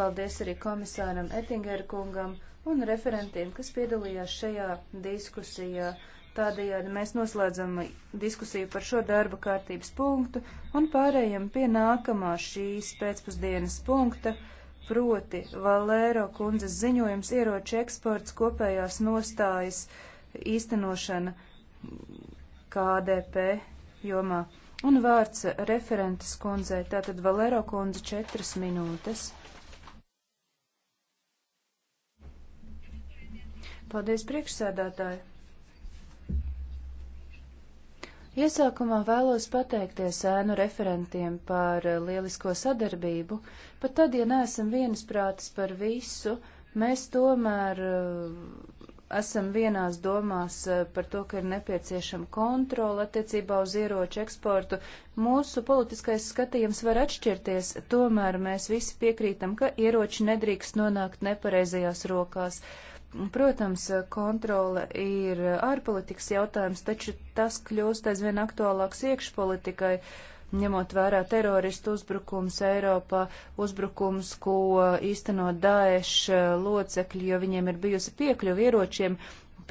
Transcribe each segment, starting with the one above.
Paldies arī komisāram Ettingeru kungam un referentiem, kas piedalījās šajā diskusijā. Tādējādi mēs noslēdzam diskusiju par šo darba kārtības punktu un pārējam pie nākamā šīs pēcpusdienas punkta, proti Valēro kundzes ziņojums ieroču eksports kopējās nostājas īstenošana KDP jomā. Un vārds referentes kundzei, tātad Valēro kundze četras minūtes. Paldies, priekšsēdētāji! Iesākumā vēlos pateikties ēnu referentiem par eh, lielisko sadarbību, pat tad, ja neesam viensprātis par visu, mēs tomēr eh, esam vienās domās eh, par to, ka ir nepieciešama kontrola attiecībā uz ieroču eksportu. Mūsu politiskais skatījums var atšķirties, tomēr mēs visi piekrītam, ka ieroči nedrīkst nonākt nepareizajās rokās. Uh, Protams, kontrole ir ārpolitikas jautājums, taču tas kļūst aizvien aktuālāks iekšpolitikai, ņemot vērā teroristu uzbrukums Eiropā, uzbrukums, ko īstenot Daesh locekļi, jo viņiem ir bijusi piekļuva ieročiem,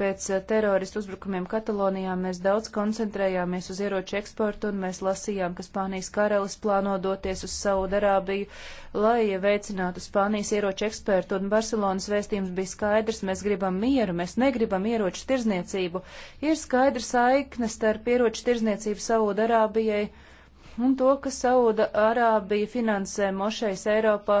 pēc eh, teroristu uzbrukumiem Katalonijā mēs daudz koncentrējāmies uz ieroču eksportu un mēs lasījām, ka Spānijas karalis plāno doties uz Saudarābiju, lai veicinātu Spānijas ieroču ekspertu un Barcelonas vēstījums bija skaidrs, mēs gribam mieru, mēs negribam ieroču tirzniecību. Ir skaidra saikne starp ieroču tirzniecību Saudarābijai un to, ka Saudarābija finansē mošais Eiropā,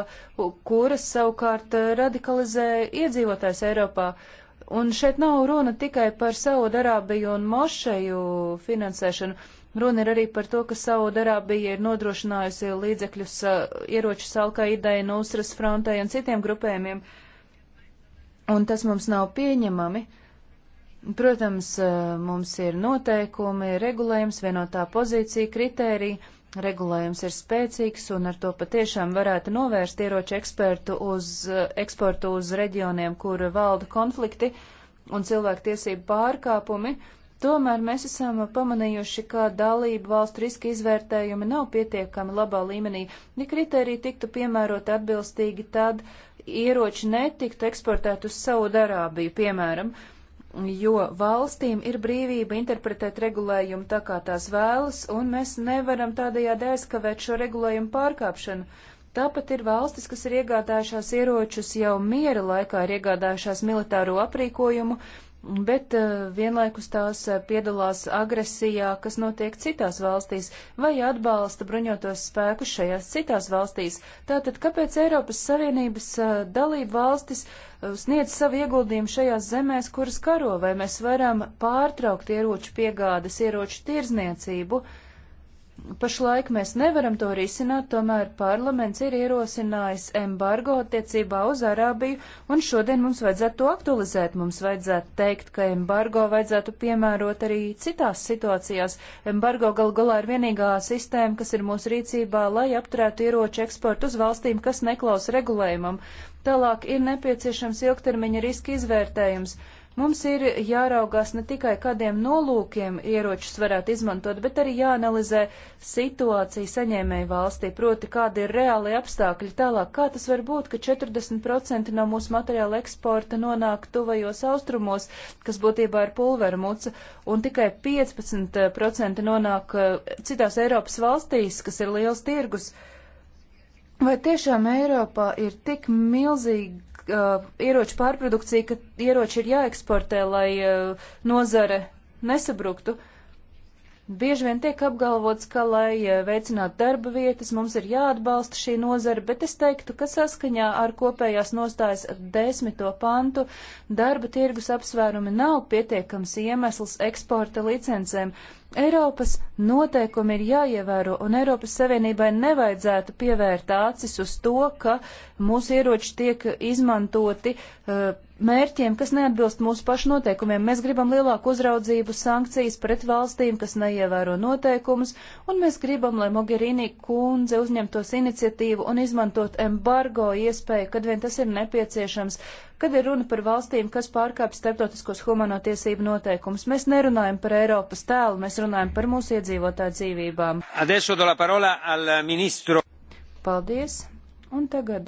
kuras savukārt eh, radikalizē iedzīvotājs Eiropā. Uh, Un šeit nav runa tikai par Saudarābiju un Mošeju finansēšanu. Runa ir arī par to, ka Saudarābija ir nodrošinājusi līdzekļus uh, ieroču salkaidai, Nusras frontai un citiem grupējumiem. Un tas mums nav pieņemami. Uh, Protams, eh, mums ir noteikumi, regulējums, vienotā pozīcija, kritērija. Regulējums ir spēcīgs un ar to patiešām varētu novērst ieroču ekspertu uz, eh, eksportu uz reģioniem, kur valda konflikti un cilvēktiesību pārkāpumi. Tomēr mēs esam pamanījuši, ka dalību valstu riska izvērtējumi nav pietiekami labā līmenī. Ja kriteriji tiktu piemēroti atbilstīgi, tad ieroči netiktu eksportēt uz Saudarābiju, piemēram. Uh, jo valstīm ir brīvība interpretēt regulējumu tā, kā tās vēlas, un mēs nevaram tādējādi aizkavēt šo regulējumu pārkāpšanu. Tāpat ir valstis, kas ir iegādājušās ieročus jau miera laikā, ir iegādājušās militāro aprīkojumu, bet eh, vienlaikus tās eh, piedalās agresijā, kas notiek citās valstīs, vai atbalsta bruņotos spēkus šajās citās valstīs. Tātad, kāpēc Eiropas Savienības eh, dalība valstis sniedz savu ieguldījumu šajās zemēs, kuras karo, vai mēs varam pārtraukt ieroču piegādes, ieroču tirzniecību? Uh, Pašlaik mēs nevaram to risināt, tomēr parlaments ir ierosinājis embargo attiecībā uz Arābiju, un šodien mums vajadzētu to aktualizēt. Mums vajadzētu teikt, ka embargo vajadzētu piemērot arī citās situācijās. Embargo gal galā ir vienīgā sistēma, kas ir mūsu rīcībā, lai apturētu ieroču eksportu uz valstīm, kas neklaus regulējumam. Tālāk ir nepieciešams ilgtermiņa riska izvērtējums. Mums ir jāraugās ne tikai, kādiem nolūkiem ieročus varētu izmantot, bet arī jāanalizē situācija saņēmēju valstī, proti, kāda ir reāli apstākļi tālāk. Kā tas var būt, ka 40% no mūsu materiāla eksporta nonāk tuvajos austrumos, kas būtībā ir pulvermuca, un tikai 15% nonāk eh, citās Eiropas valstīs, kas ir liels tirgus? Vai tiešām Eiropā ir tik milzīgi uh, ieroču pārprodukcija, ka ieroči ir jāeksportē, lai uh, nozare nesabruktu. Uh, Bieži vien tiek apgalvots, ka, lai eh, veicinātu darba vietas, mums ir jāatbalsta šī nozara, bet es teiktu, ka saskaņā ar kopējās nostājas desmito pantu darba tirgus apsvērumi nav pietiekams iemesls eksporta licencēm. Eiropas noteikumi ir jāievēro, un Eiropas Savienībai nevajadzētu pievērt acis uz to, ka mūsu ieroči tiek izmantoti uh, mērķiem, kas neatbilst mūsu pašu noteikumiem. Mēs gribam lielāku uzraudzību, sankcijas pret valstīm, kas neievēro noteikumus, un mēs gribam, lai Mogherini kundze uzņemtos iniciatīvu un izmantot embargo iespēju, kad vien tas ir nepieciešams, kad ir runa par valstīm, kas pārkāpj starptautiskos humano tiesību noteikumus. Mēs nerunājam par Eiropas tēlu, mēs runājam par mūsu iedzīvotāju dzīvībām. Paldies! Un tagad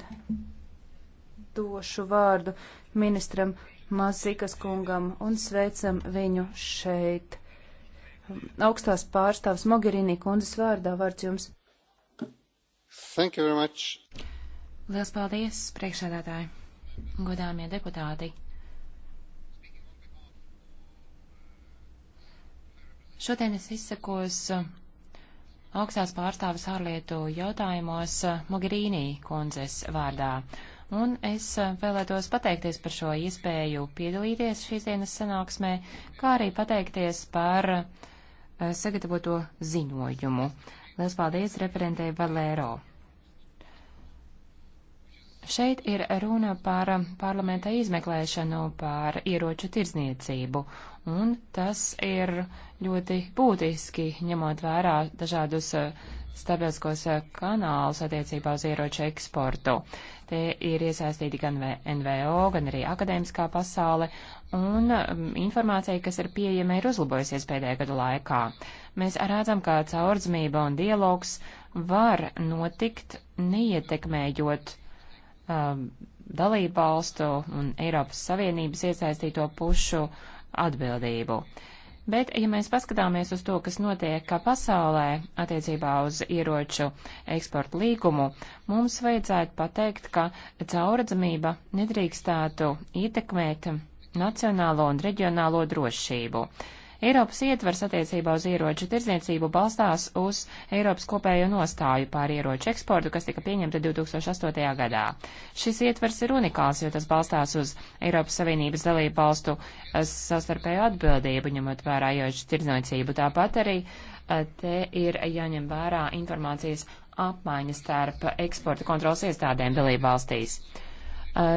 došu vārdu ministram Mazikas kungam un sveicam viņu šeit. Augstās pārstāvs Mogherini kundzes vārdā vārds jums. Thank you very much. Liels paldies, priekšsēdētāji, godāmie deputāti. Šodien es izsakos uh, augstās pārstāvis ārlietu jautājumos uh, Mogherīnī kundzes vārdā. Un es eh, vēlētos pateikties par šo iespēju piedalīties šīs dienas sanāksmē, kā arī pateikties par eh, sagatavoto ziņojumu. Lielas paldies referentei Valēro. Šeit ir runa par eh, parlamenta izmeklēšanu par ieroču tirdzniecību, un tas ir ļoti būtiski, ņemot vērā dažādus starptautiskos kanālus attiecībā uz ieroču eksportu. Te ir iesaistīti gan NVO, gan arī akadēmiskā pasaule, un um, informācija, kas ir pieejama, ir uzlabojusies pēdējā gada laikā. Mēs redzam, ka caurdzmība un dialogs var notikt, neietekmējot um, dalību valstu un Eiropas Savienības iesaistīto pušu atbildību. Uh, Bet, ja mēs paskatāmies uz to, kas notiek pasaulē attiecībā uz ieroču eksporta līgumu, mums vajadzētu pateikt, ka cauradzamība nedrīkstētu ietekmēt nacionālo un reģionālo drošību. Uh, Eiropas ietvers attiecībā uz ieroču tirdzniecību balstās uz Eiropas kopējo nostāju pār ieroču eksportu, kas tika pieņemta 2008. gadā. Šis ietvers ir unikāls, jo tas balstās uz Eiropas Savienības dalību valstu eh, savstarpēju atbildību, ņemot vērā ieroču tirdzniecību. Tāpat arī eh, te ir jāņem vērā informācijas apmaiņa starp eksporta kontrolas iestādēm dalību valstīs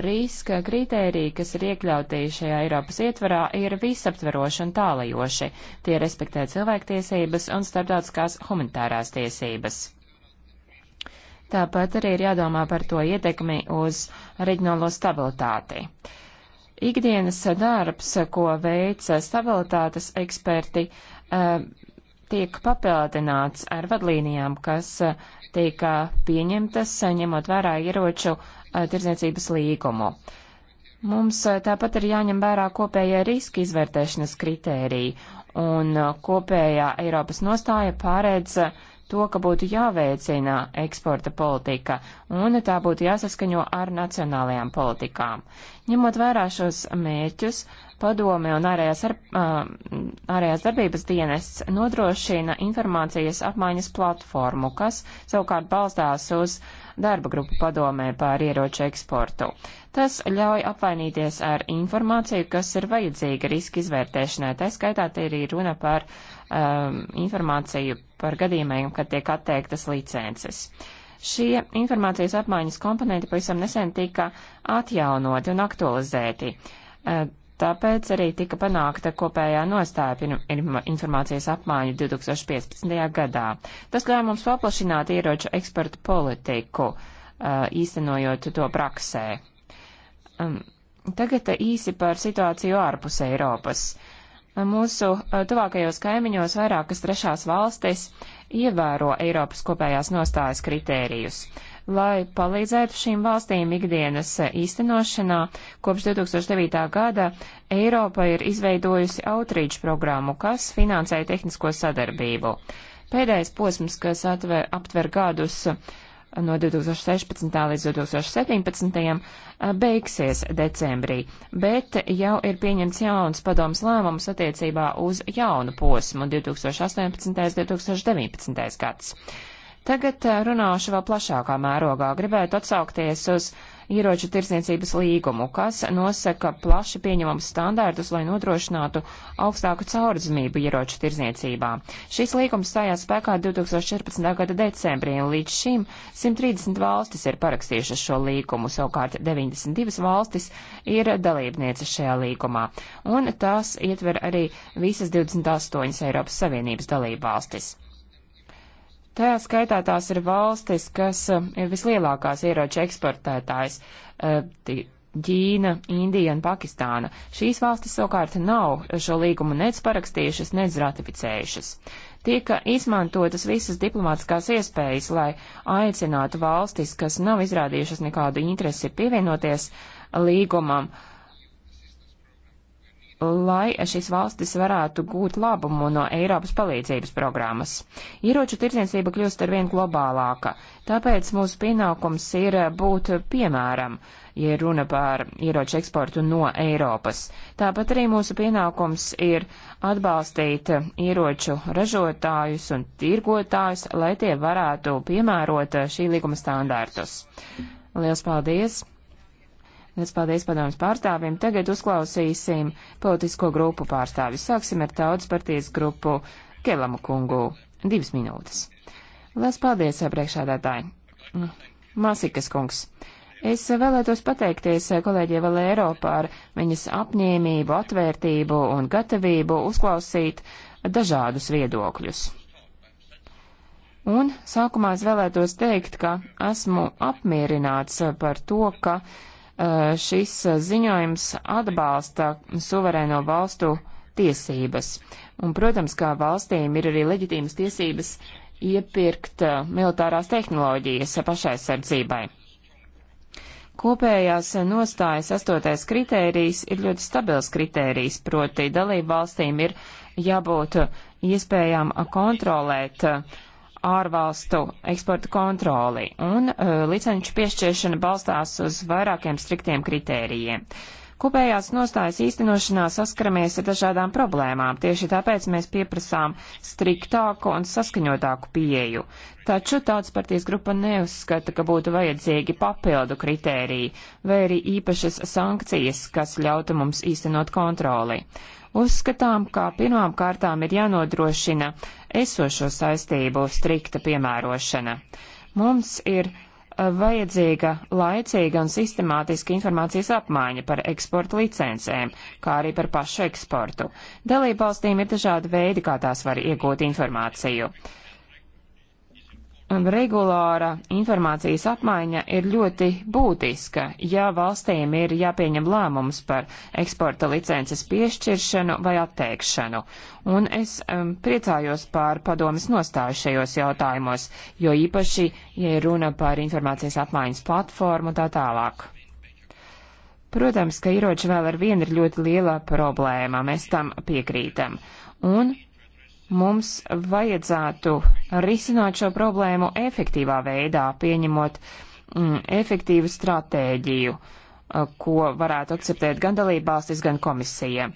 riska kritēriji, kas ir iekļauti šajā Eiropas ietvarā, ir visaptveroši un tālajoši. Tie respektē cilvēktiesības un starptautiskās humanitārās tiesības. Tāpat arī ir jādomā par to ietekmi uz reģionālo stabilitāti. Ikdienas darbs, ko veica stabilitātes eksperti, eh, tiek papildināts ar vadlīnijām, kas eh, tika pieņemtas, ņemot vērā ieroču uh, Eh, tirdzniecības līgumu. Mums eh, tāpat ir jāņem vērā kopējie riska izvērtēšanas kritēriji, un eh, kopējā Eiropas nostāja pārēdz to, ka būtu jāveicina eksporta politika, un tā būtu jāsaskaņo ar nacionālajām politikām. Ņemot vērā šos mērķus, padome un ārējās, ar, uh, ārējās darbības dienests nodrošina informācijas apmaiņas platformu, kas savukārt balstās uz uh, darba grupu padomē pār ieroču eksportu. Tas ļauj apvainīties ar informāciju, kas ir vajadzīga riska izvērtēšanai. Tā skaitā te ir runa par um, informāciju par gadījumiem, kad tiek atteiktas licences. Šie informācijas apmaiņas komponenti pavisam nesen tika atjaunoti un aktualizēti. Uh, Tāpēc arī tika panākta kopējā nostāja pirma informācijas apmaiņa 2015. gadā. Tas ļāva mums paplašināt ieroču eksporta politiku, īstenojot to praksē. Um, tagad īsi par situāciju ārpus Eiropas. Mūsu tuvākajos kaimiņos vairākas trešās valstis ievēro Eiropas kopējās nostājas kritērijus lai palīdzētu šīm valstīm ikdienas īstenošanā. Kopš 2009. gada Eiropa ir izveidojusi outreach programmu, kas finansē tehnisko sadarbību. Pēdējais posms, kas atver, aptver gadus no 2016. līdz 2017. beigsies decembrī, bet jau ir pieņemts jauns padoms lēmums attiecībā uz jaunu posmu 2018. 2019. gads. Tagad eh, runāšu vēl plašākā mērogā. Gribētu atsaukties uz ieroču tirsniecības līgumu, kas nosaka plaši pieņemamus standārtus, lai nodrošinātu augstāku caurdzamību ieroču tirsniecībā. Šis līgums stājās spēkā 2014. gada decembrī, un līdz šim 130 valstis ir parakstījušas šo līgumu, savukārt 92 valstis ir dalībnieces šajā līgumā, un tās ietver arī visas 28 Eiropas Savienības dalībvalstis. Tajā skaitā tās ir valstis, kas um, ir vislielākās ieroču eksportētājs uh, - Ķīna, Indija un Pakistāna. Šīs valstis savukārt nav šo līgumu nec parakstījušas, nec ratificējušas. Tika izmantotas visas diplomātiskās iespējas, lai aicinātu valstis, kas nav izrādījušas nekādu interesi pievienoties līgumam, uh, lai šīs valstis varētu gūt labumu no Eiropas palīdzības programmas. Ieroču tirdzniecība kļūst arvien globālāka, tāpēc mūsu pienākums ir būt piemēram, ja runa par ieroču eksportu no Eiropas. Tāpat arī mūsu pienākums ir atbalstīt ieroču ražotājus un tirgotājus, lai tie varētu piemērot šī līguma standārtus. Liels paldies! Liels paldies padomus pārstāvim. Tagad uzklausīsim politisko grupu pārstāvis. Sāksim ar tautas partijas grupu Kelamu kungu. Divas minūtes. Liels paldies, priekšādātāji. Masikas kungs. Es vēlētos pateikties kolēģiem Valēro par viņas apņēmību, atvērtību un gatavību uzklausīt dažādus viedokļus. Un sākumā es vēlētos teikt, ka esmu apmierināts par to, ka uh, Uh, šis uh, ziņojums atbalsta suverēno valstu tiesības. Un, protams, kā valstīm ir arī leģitīmas tiesības iepirkt uh, militārās tehnoloģijas pašaizsardzībai. Kopējās nostājas astotais kritērijs ir ļoti stabils kritērijs, proti dalību valstīm ir jābūt iespējām kontrolēt uh, ārvalstu eksporta kontroli, un uh, licenču piešķiršana balstās uz vairākiem striktiem kritērijiem. Uh, Kopējās nostājas īstenošanā saskaramies ar dažādām problēmām, tieši tāpēc mēs pieprasām striktāku un saskaņotāku pieeju. Taču tautas partijas grupa neuzskata, ka būtu vajadzīgi papildu kritēriji vai arī īpašas sankcijas, kas ļautu mums īstenot kontroli. Uzskatām, ka pirmām kārtām ir jānodrošina esošo saistību strikta piemērošana. Mums ir vajadzīga laicīga un sistemātiska informācijas apmaiņa par eksporta licencēm, kā arī par pašu eksportu. Dalībvalstīm ir dažādi veidi, kā tās var iegūt informāciju. Uh, regulāra informācijas apmaiņa ir ļoti būtiska, ja valstīm ir jāpieņem lēmums par eksporta licences piešķiršanu vai atteikšanu. Un es um, priecājos par padomas nostāju šajos jautājumos, jo īpaši, ja runa par informācijas apmaiņas platformu tā tālāk. Protams, ka ieroči vēl ar vienu ir ļoti liela problēma, mēs tam piekrītam. Un mums vajadzētu risināt šo problēmu efektīvā veidā, pieņemot mm, efektīvu stratēģiju, eh, ko varētu akceptēt gan dalībvalstis, gan komisija.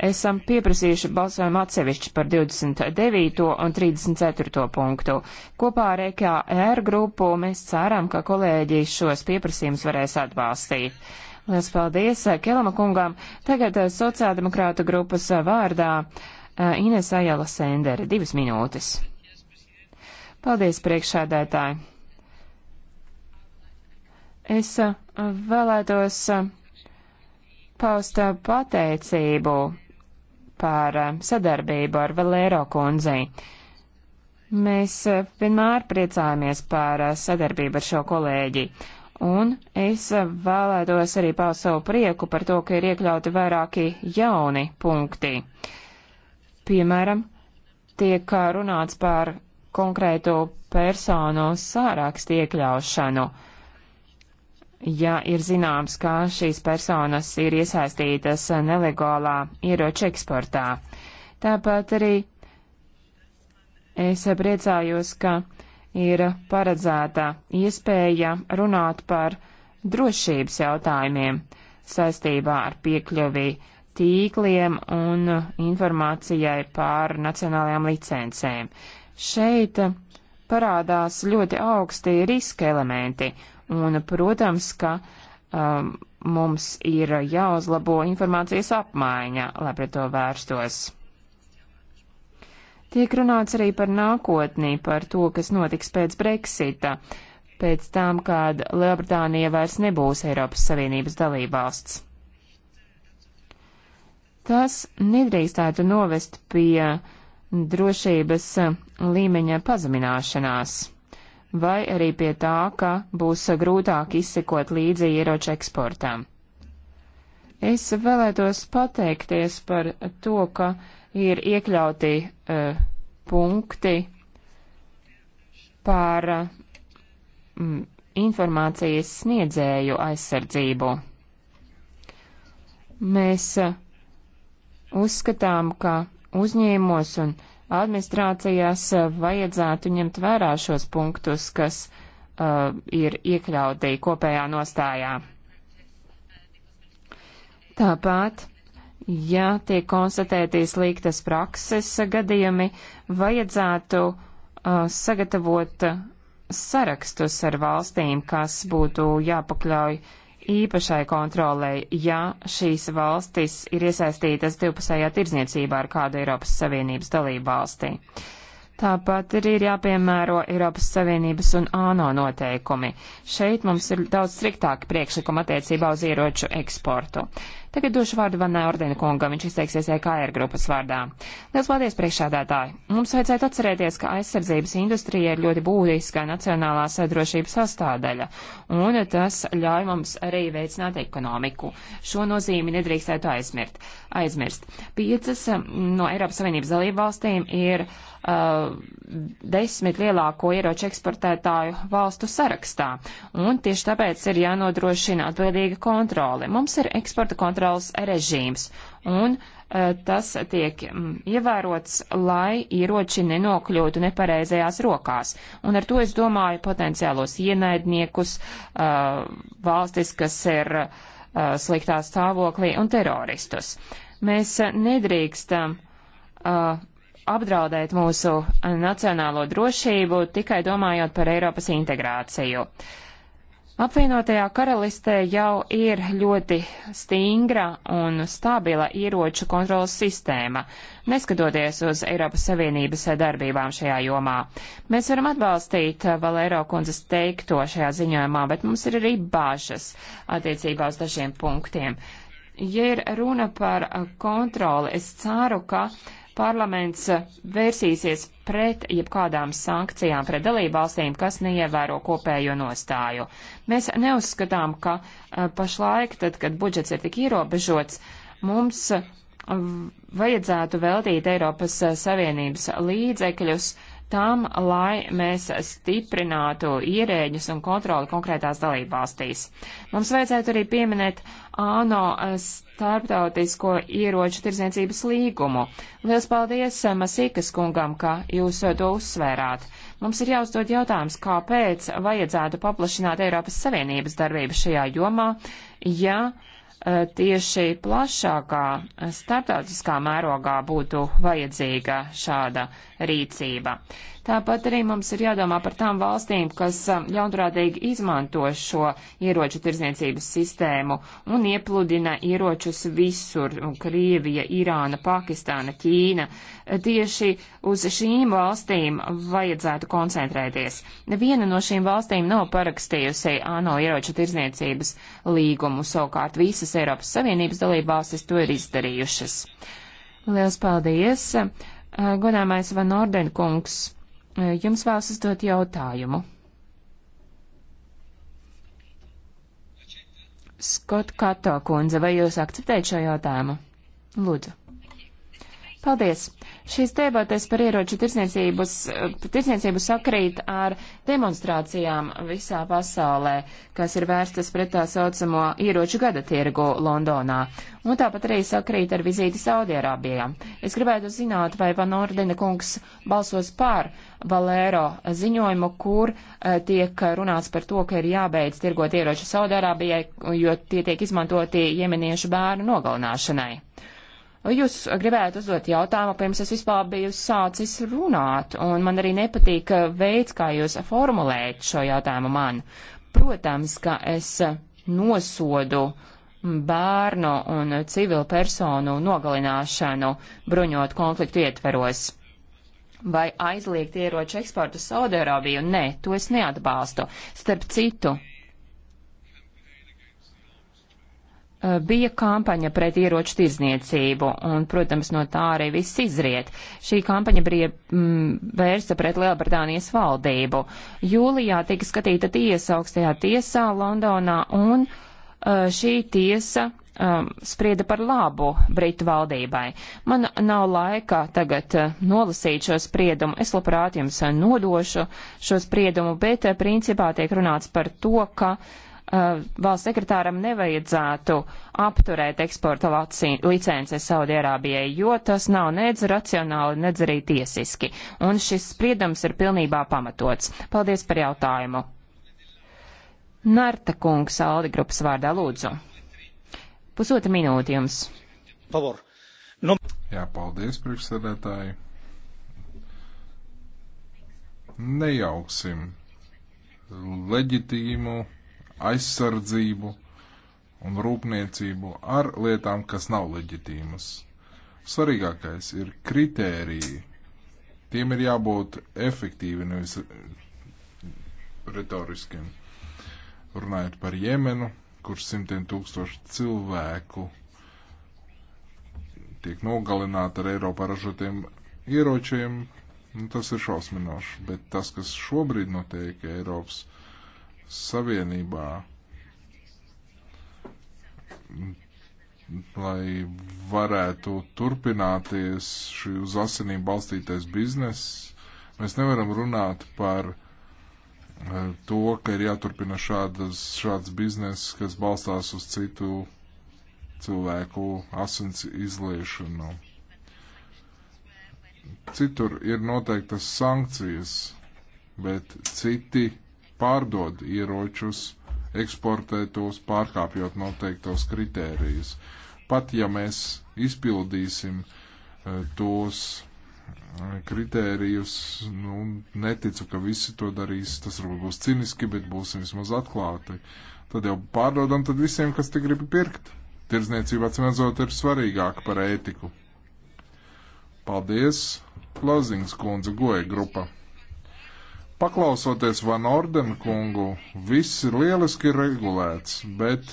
Esam pieprasījuši balsojumu atsevišķi par 29. un 34. punktu. Kopā ar EKR grupu mēs ceram, ka kolēģi šos pieprasījumus varēs atbalstīt. Lielas paldies eh, Kelama kungām. Tagad eh, sociāldemokrāta grupas vārdā. Uh, Uh, Ines Ajala Sendere, divas minūtes. Paldies, priekšādētāji. Es uh, vēlētos uh, paust pateicību par sadarbību ar Valēro kundzei. Mēs vienmēr priecājamies par sadarbību ar šo kolēģi. Un es vēlētos arī paust savu prieku par to, ka ir iekļauti vairāki jauni punkti. Uh, Piemēram, tiek runāts par konkrētu personu sārakstu iekļaušanu. Ja ir zināms, ka šīs personas ir iesaistītas nelegālā ieroča eksportā. Tāpat arī es priecājos, ka ir paredzēta iespēja runāt par drošības jautājumiem saistībā ar piekļuvi uh, tīkliem un informācijai pār nacionālajām licencēm. Šeit parādās ļoti augsti riska elementi, un, protams, ka um, mums ir jāuzlabo informācijas apmaiņa, lai pret to vērstos. Tiek runāts arī par nākotnī, par to, kas notiks pēc Brexita, pēc tam, kad Lielbritānija vairs nebūs Eiropas Savienības dalībvalsts. Tas nedrīkstētu novest pie drošības līmeņa pazemināšanās, vai arī pie tā, ka būs grūtāk izsekot līdzi ieroču eksportām. Es vēlētos pateikties par to, ka ir iekļauti uh, punkti par uh, informācijas sniedzēju aizsardzību. Mēs uh, uzskatām, ka uzņēmos un administrācijās eh, vajadzētu ņemt vērā šos punktus, kas uh, ir iekļauti kopējā nostājā. Tāpat, ja tiek konstatēti sliktas prakses gadījumi, vajadzētu uh, sagatavot sarakstus ar valstīm, kas būtu jāpakļauj uh, īpašai kontrolei, ja šīs valstis ir iesaistītas divpusējā tirdzniecībā ar kādu Eiropas Savienības dalību valstī. Tāpat arī ir jāpiemēro Eiropas Savienības un ANO noteikumi. Šeit mums ir daudz striktāki priekšlikumi attiecībā uz ieroču eksportu. Tagad došu vārdu Vanai Ordena kungam, viņš izteiksies EKR grupas vārdā. Liels paldies priekšādātāji! Mums vajadzētu atcerēties, ka aizsardzības industrija ir ļoti būtiska nacionālās drošības sastāvdaļa, un tas ļauj mums arī veicināt ekonomiku. Šo nozīmi nedrīkstētu aizmirst. aizmirst. Piecas um, no Eiropas Savienības dalību valstīm ir uh, desmit lielāko ieroču eksportētāju valstu sarakstā, un tieši tāpēc ir jānodrošina atbildīga kontrole. Mums ir eksporta kontrole kontrols režīms, un eh, tas tiek mm, ievērots, lai ieroči nenokļūtu nepareizajās rokās. Un ar to es domāju potenciālos ienaidniekus, eh, valstis, kas ir eh, sliktā stāvoklī, un teroristus. Mēs nedrīkstam apdraudēt mūsu nacionālo drošību tikai domājot par Eiropas integrāciju. Uh, Apvienotajā karalistē jau ir ļoti stingra un stabila ieroču kontrolas sistēma, neskatoties uz Eiropas Savienības darbībām šajā jomā. Mēs varam atbalstīt Valēro kundzes teikto šajā ziņojumā, bet mums ir arī bāžas attiecībā uz dažiem punktiem. Ja ir runa par kontroli, es ceru, ka uh, parlaments vērsīsies pret jebkādām sankcijām pret dalībvalstīm, kas neievēro kopējo nostāju. Mēs neuzskatām, ka eh, pašlaik, tad, kad budžets ir tik ierobežots, mums vajadzētu veltīt Eiropas Savienības līdzekļus uh, tam, lai mēs stiprinātu ierēģus un kontroli konkrētās dalībvalstīs. Mums vajadzētu arī pieminēt ANO eh, starptautisko ieroču tirdzniecības līgumu. Lielas paldies eh, Masīkas kungam, ka jūs eh, to uzsvērāt. Mums ir jāuzdod jautājums, kāpēc vajadzētu paplašināt Eiropas Savienības darbību šajā jomā, ja uh, Eh, tieši plašākā eh, starptautiskā mērogā būtu vajadzīga šāda rīcība. Tāpat arī mums ir jādomā par tām valstīm, kas um, ļaunprātīgi izmanto šo ieroču tirdzniecības sistēmu un iepludina ieročus visur - Krievija, Irāna, Pakistāna, Ķīna. Tieši uz šīm valstīm vajadzētu koncentrēties. Neviena no šīm valstīm nav parakstījusi ANO ieroču tirdzniecības līgumu, savukārt visas Eiropas Savienības dalībvalstis to ir izdarījušas. Liels paldies! Uh, godāmais Van Ordenkungs! E, jums vēlas uzdot jautājumu. Skot Kato kundze, vai jūs akceptējat šo jautājumu? Lūdzu. Paldies! Šīs debates par ieroču tirsniecības, eh, tirsniecību sakrīt ar demonstrācijām visā pasaulē, kas ir vērstas pret tā saucamo ieroču gada tirgu Londonā. Un tāpat arī sakrīt ar vizīti Saudierābijā. Es gribētu zināt, vai Van Ordena kungs balsos pār Valēro ziņojumu, kur eh, tiek runāts par to, ka ir jābeidz tirgot ieroči Saudierābijai, jo tie tiek izmantoti jemeniešu bērnu nogalināšanai. Jūs gribētu uzdot jautājumu, pirms es vispār biju sācis runāt, un man arī nepatīk uh, veids, kā jūs formulējat šo jautājumu man. Protams, ka es uh, nosodu bērnu un civilu personu nogalināšanu bruņot konfliktu ietveros. Vai aizliegt ieroču eksportu Saudarābiju? Nē, to es neatbalstu. Starp citu, Eh, bija kampaņa pret ieroču tirzniecību, un, protams, no tā arī viss izriet. Šī kampaņa bija mm, vērsta pret Lielbritānijas valdību. Jūlijā tika skatīta tiesa augstajā tiesā Londonā, un eh, šī tiesa um, sprieda par labu Britu valdībai. Man nav laika tagad nolasīt šo spriedumu. Es labprāt jums nodošu šo spriedumu, bet principā tiek runāts par to, ka uh, Uh, valsts sekretāram nevajadzētu apturēt eksporta licences Saudierābijai, jo tas nav nedz racionāli, nedz arī tiesiski. Un šis spriedums ir pilnībā pamatots. Paldies par jautājumu. Narta kungs, Aldi grupas vārdā lūdzu. Pusotra minūte jums. Pavor. Nu... Jā, paldies, priekšsēdētāji. Nejauksim leģitīmu aizsardzību un rūpniecību ar lietām, kas nav leģitīmas. Svarīgākais ir kritēriji. Tiem ir jābūt efektīvi, nevis eh, retoriskiem. Runājot par Jemenu, kur simtiem tūkstošu cilvēku tiek nogalināti ar Eiropā ražotiem ieročiem, nu, tas ir šausminoši. Bet tas, kas šobrīd notiek Eiropas Savienībā, lai varētu turpināties šī uz asinīm balstītais bizness, mēs nevaram runāt par eh, to, ka ir jāturpina šādas, šāds bizness, kas balstās uz citu cilvēku asins izliešanu. Citur ir noteiktas sankcijas, bet citi pārdod ieročus, eksportē tos, pārkāpjot noteiktos kritērijus. Pat ja mēs izpildīsim eh, tos eh, kritērijus, nu, neticu, ka visi to darīs, tas varbūt būs ciniski, bet būsim vismaz atklāti. Tad jau pārdodam tad visiem, kas te grib pirkt. Tirzniecība atsimedzot ir svarīgāka par ētiku. Paldies! Lozings kundze goja grupa. Paklausoties Van Ordena kungu, viss ir lieliski regulēts, bet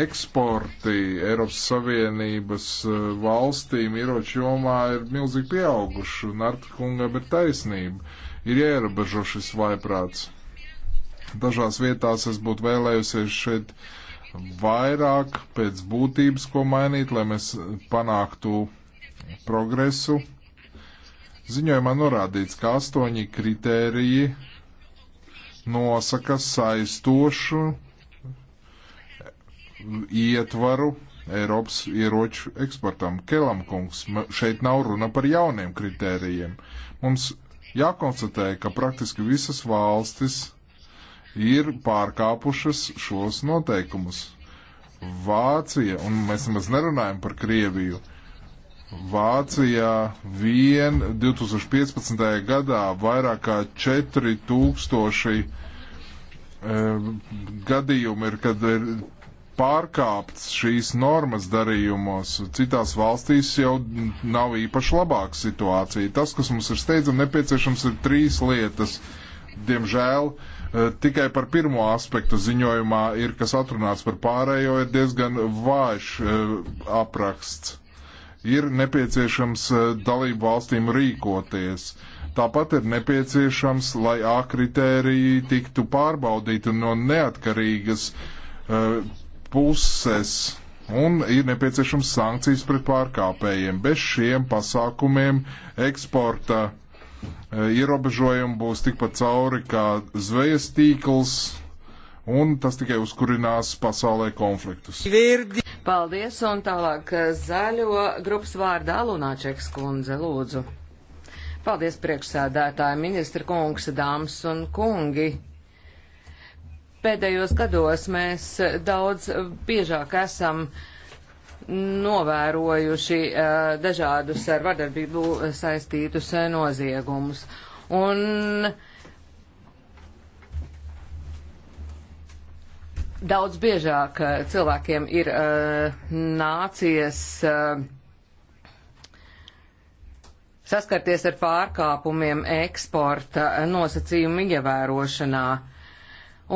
eksporti Eiropas Savienības eh, valstīm ieroču jomā ir milzīgi pieauguši, un Arta kungam ir taisnība. Ir ierobežo šis vaiprāts. Dažās vietās es būtu vēlējusies šeit vairāk pēc būtības, ko mainīt, lai mēs panāktu progresu Ziņojumā norādīts, ka astoņi kritēriji nosaka saistošu ietvaru Eiropas ieroču eksportam. Kelam kungs, šeit nav runa par jauniem kritērijiem. Mums jākonstatē, ka praktiski visas valstis ir pārkāpušas šos noteikumus. Vācija, un mēs nemaz nerunājam par Krieviju, Vācijā vien 2015. gadā vairāk kā 4000 e, gadījumi ir, kad ir pārkāpts šīs normas darījumos. Citās valstīs jau nav īpaši labāka situācija. Tas, kas mums ir steidzami nepieciešams, ir trīs lietas. Diemžēl e, tikai par pirmo aspektu ziņojumā ir, kas atrunāts par pārējo, ir diezgan vājš e, apraksts ir nepieciešams eh, dalību valstīm rīkoties. Tāpat ir nepieciešams, lai A kritēriji tiktu pārbaudīti no neatkarīgas uh, puses un ir nepieciešams sankcijas pret pārkāpējiem. Bez šiem pasākumiem eksporta uh, ierobežojumi būs tikpat cauri kā zvejas tīkls, un tas tikai uzkurinās pasaulē konfliktus. Verdi. Paldies, un tālāk eh, zaļo grupas vārdā Lunāčeks kundze, lūdzu. Paldies, priekšsēdētāji, ministra kungs, dāmas un kungi. Pēdējos gados mēs eh, daudz eh, biežāk esam novērojuši dažādus ar vardarbību saistītus noziegumus. Un uh, Daudz biežāk eh, cilvēkiem ir uh, nācies uh, saskarties ar pārkāpumiem eksporta nosacījumu ievērošanā.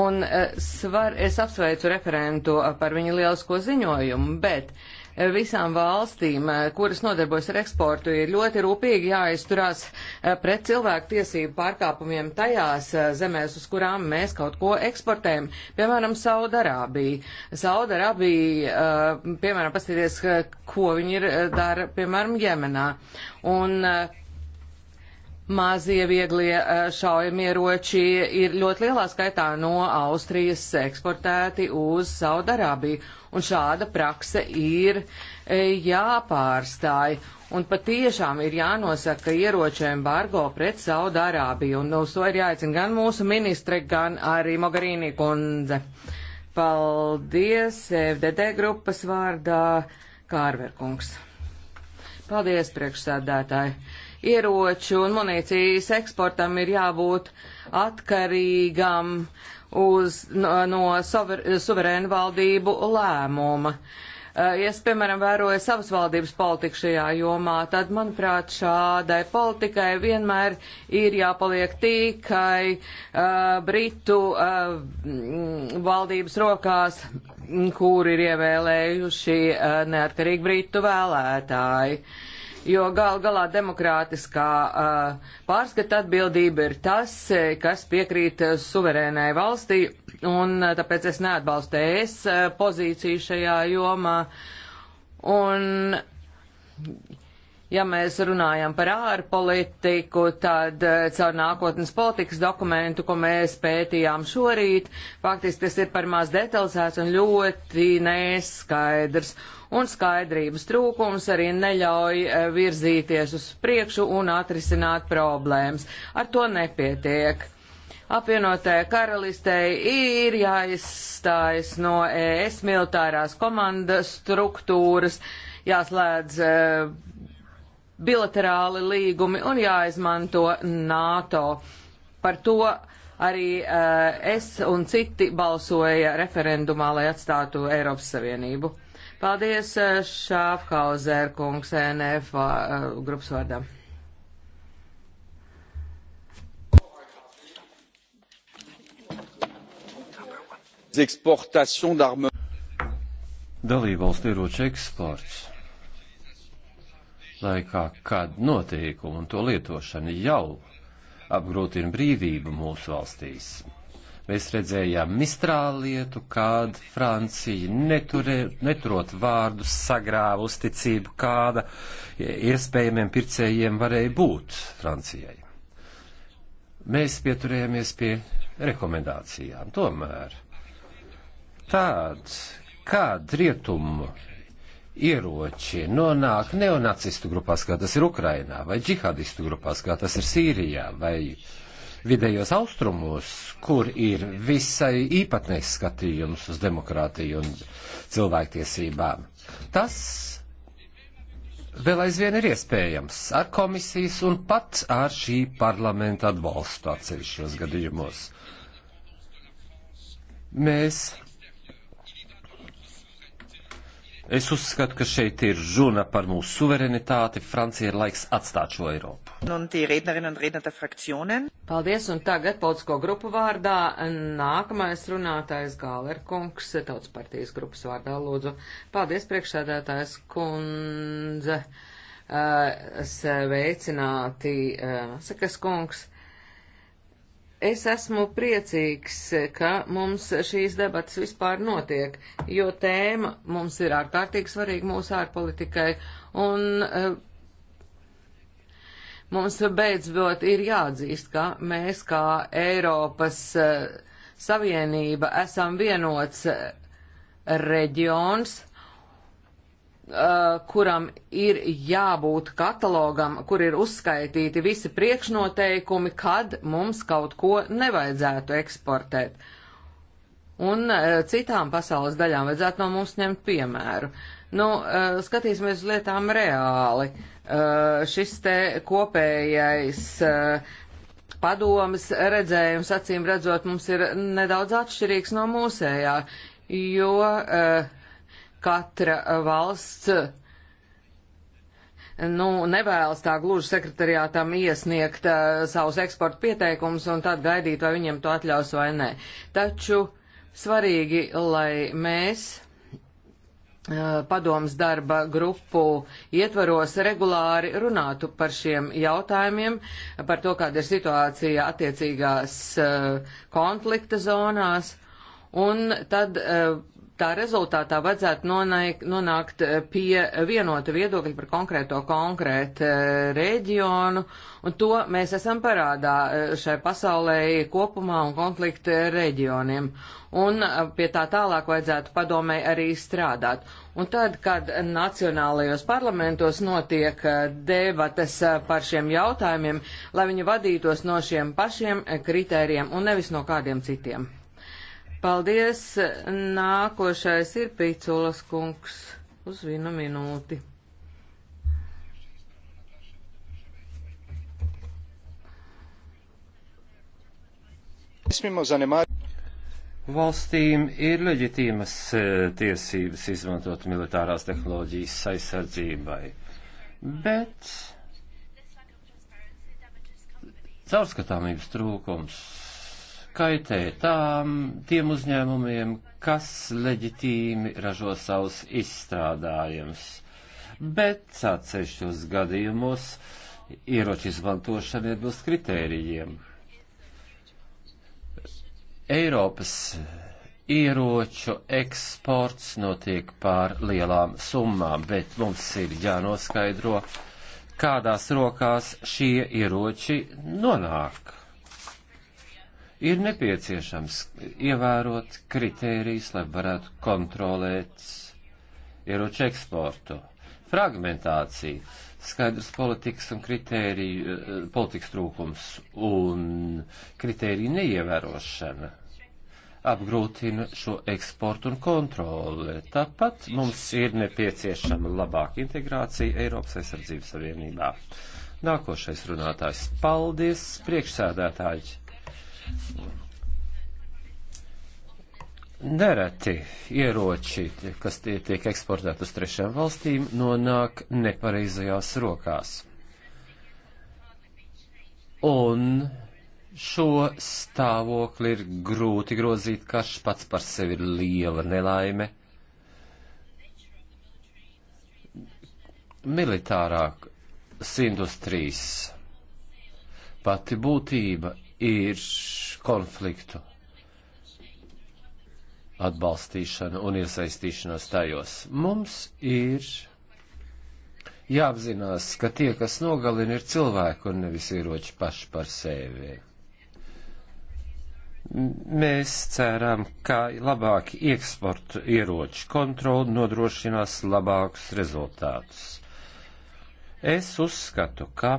Un uh, svar, es apsveicu referentu par viņa lielisko ziņojumu, bet uh, visām valstīm, eh, kuras nodarbojas ar eksportu, ir ļoti rūpīgi jāizturās eh, pret cilvēku tiesību pārkāpumiem tajās eh, zemēs, uz kurām mēs kaut ko eksportējam. Piemēram, Saudarābija. Saudarābija, piemēram, paskaties, ko viņi ir dara, piemēram, Jemenā. Un, Mazie vieglie šaujamieroči ir ļoti lielā skaitā no Austrijas eksportēti uz Saudarābiju un šāda prakse ir e, jāpārstāj. Un patiešām ir jānosaka ieroču embargo pret Saudārābiju, un uz to ir jāicina gan mūsu ministre, gan arī Mogarīnī kundze. Paldies, FDD grupas vārdā Kārverkungs. Paldies, priekšsādātāji ieroču un munīcijas eksportam ir jābūt atkarīgam uz, no, no sover, suverēnu valdību lēmuma. Eh, ja es, piemēram, vēroju savas valdības politiku šajā jomā, tad, manuprāt, šādai politikai vienmēr ir jāpaliek tikai uh, Britu uh, valdības rokās, kur ir ievēlējuši uh, neatkarīgi Britu vēlētāji. Uh, jo gal galā demokrātiskā uh, pārskata atbildība ir tas, eh, kas piekrīt eh, suverēnai valstī, un eh, tāpēc es neatbalstu ES pozīciju šajā jomā. Un Ja mēs runājam par ārpolitiku, tad eh, caur nākotnes politikas dokumentu, ko mēs pētījām šorīt, faktiski tas ir par maz detalizēts un ļoti neskaidrs. Un skaidrības trūkums arī neļauj eh, virzīties uz priekšu un atrisināt problēmas. Ar to nepietiek apvienotajai karalistei ir jāizstājas no ES militārās komandas struktūras, jāslēdz eh, bilaterāli līgumi un jāizmanto NATO. Par to arī uh, es un citi balsoja referendumā, lai atstātu Eiropas Savienību. Paldies, uh, Šāfhauser kungs, NF uh, eh, grupas vārdā. Dalībvalstu ieroču eksports laikā, kad noteikumu un to lietošana jau apgrūtina brīvību mūsu valstīs. Mēs redzējām mistrālietu, kad Francija neturē, neturot vārdus sagrāva uzticību, kāda iespējamiem pircējiem varēja būt Francijai. Mēs pieturējāmies pie rekomendācijām. Tomēr tāds, kad rietumu ieroči nonāk neonacistu grupās, kā tas ir Ukrainā, vai džihadistu grupās, kā tas ir Sīrijā, vai vidējos austrumos, kur ir visai īpatnējs skatījums uz demokrātiju un cilvēktiesībām. Tas vēl aizvien ir iespējams ar komisijas un pat ar šī parlamenta atbalstu atsevišķos gadījumos. Mēs Es uzskatu, ka šeit ir runa par mūsu suverenitāti. Francija ir laiks atstāt šo Eiropu. Paldies, un tagad politisko grupu vārdā nākamais runātājs Gāler kungs, tautas partijas grupas vārdā lūdzu. Paldies, priekšsēdētājs kundze. Eh, sveicināti, eh, Sakas kungs. Es esmu priecīgs, ka mums šīs debatas vispār notiek, jo tēma mums ir ārkārtīgi svarīga mūsu ārpolitikai, un eh, mums beidzot ir jāatzīst, ka mēs kā Eiropas eh, Savienība esam vienots eh, reģions, Uh, kuram ir jābūt katalogam, kur ir uzskaitīti visi priekšnoteikumi, kad mums kaut ko nevajadzētu eksportēt. Un uh, citām pasaules daļām vajadzētu no mums ņemt piemēru. Nu, uh, skatīsimies uz lietām reāli. Šis te kopējais padomas redzējums, acīm redzot, mums ir nedaudz atšķirīgs no mūsējā, jo uh, katra valsts nu, nevēlas tā gluži sekretariātam iesniegt uh, savus eksporta pieteikumus un tad gaidīt, vai viņiem to atļaus vai nē. Taču svarīgi, lai mēs uh, padomas darba grupu ietvaros regulāri runātu par šiem jautājumiem, par to, kāda ir situācija attiecīgās uh, konflikta zonās, un tad uh, tā rezultātā vajadzētu nonaik, nonākt eh, pie vienota viedokļa par konkrēto konkrētu eh, reģionu, un to mēs esam parādā eh, šai pasaulē kopumā un konflikta reģioniem. Un pie tā tālāk vajadzētu padomē arī strādāt. Un tad, kad nacionālajos parlamentos notiek debates par šiem jautājumiem, lai viņi vadītos no šiem pašiem kritērijiem un nevis no kādiem citiem. Paldies. Nākošais ir Pīcolas kungs uz vienu minūti. Valstīm ir leģitīmas e, tiesības izmantot militārās tehnoloģijas aizsardzībai, bet caurskatāmības trūkums kaitē tām, tiem uzņēmumiem, kas leģitīmi ražo savus izstrādājumus. Bet atsevišķos gadījumos ieroču izmantošana ir bez kritērijiem. Eiropas ieroču eksports notiek pār lielām summām, bet mums ir jānoskaidro, kādās rokās šie ieroči nonāk. Ir nepieciešams ievērot kritērijas, lai varētu kontrolēt ieroču eksportu. Fragmentācija, skaidrs politikas un kritēriju, eh, politikas trūkums un kritēriju neievērošana apgrūtina šo eksportu un kontroli. Tāpat mums ir nepieciešama labāka integrācija Eiropas aizsardzības savienībā. Nākošais runātājs. Paldies, priekšsēdētāji! Nereti ieroči, kas tie tiek eksportēti uz trešām valstīm, nonāk nepareizajās rokās. Un šo stāvokli ir grūti grozīt, karš pats par sevi ir liela nelaime. Militārāk industrijas pati būtība ir konfliktu atbalstīšana un iesaistīšanās tajos. Mums ir jāapzinās, ka tie, kas nogalina, ir cilvēki un nevis ieroči paši par sevi. Mēs ceram, ka labāk eksporta ieroču kontroli nodrošinās labākus rezultātus. Es uzskatu, ka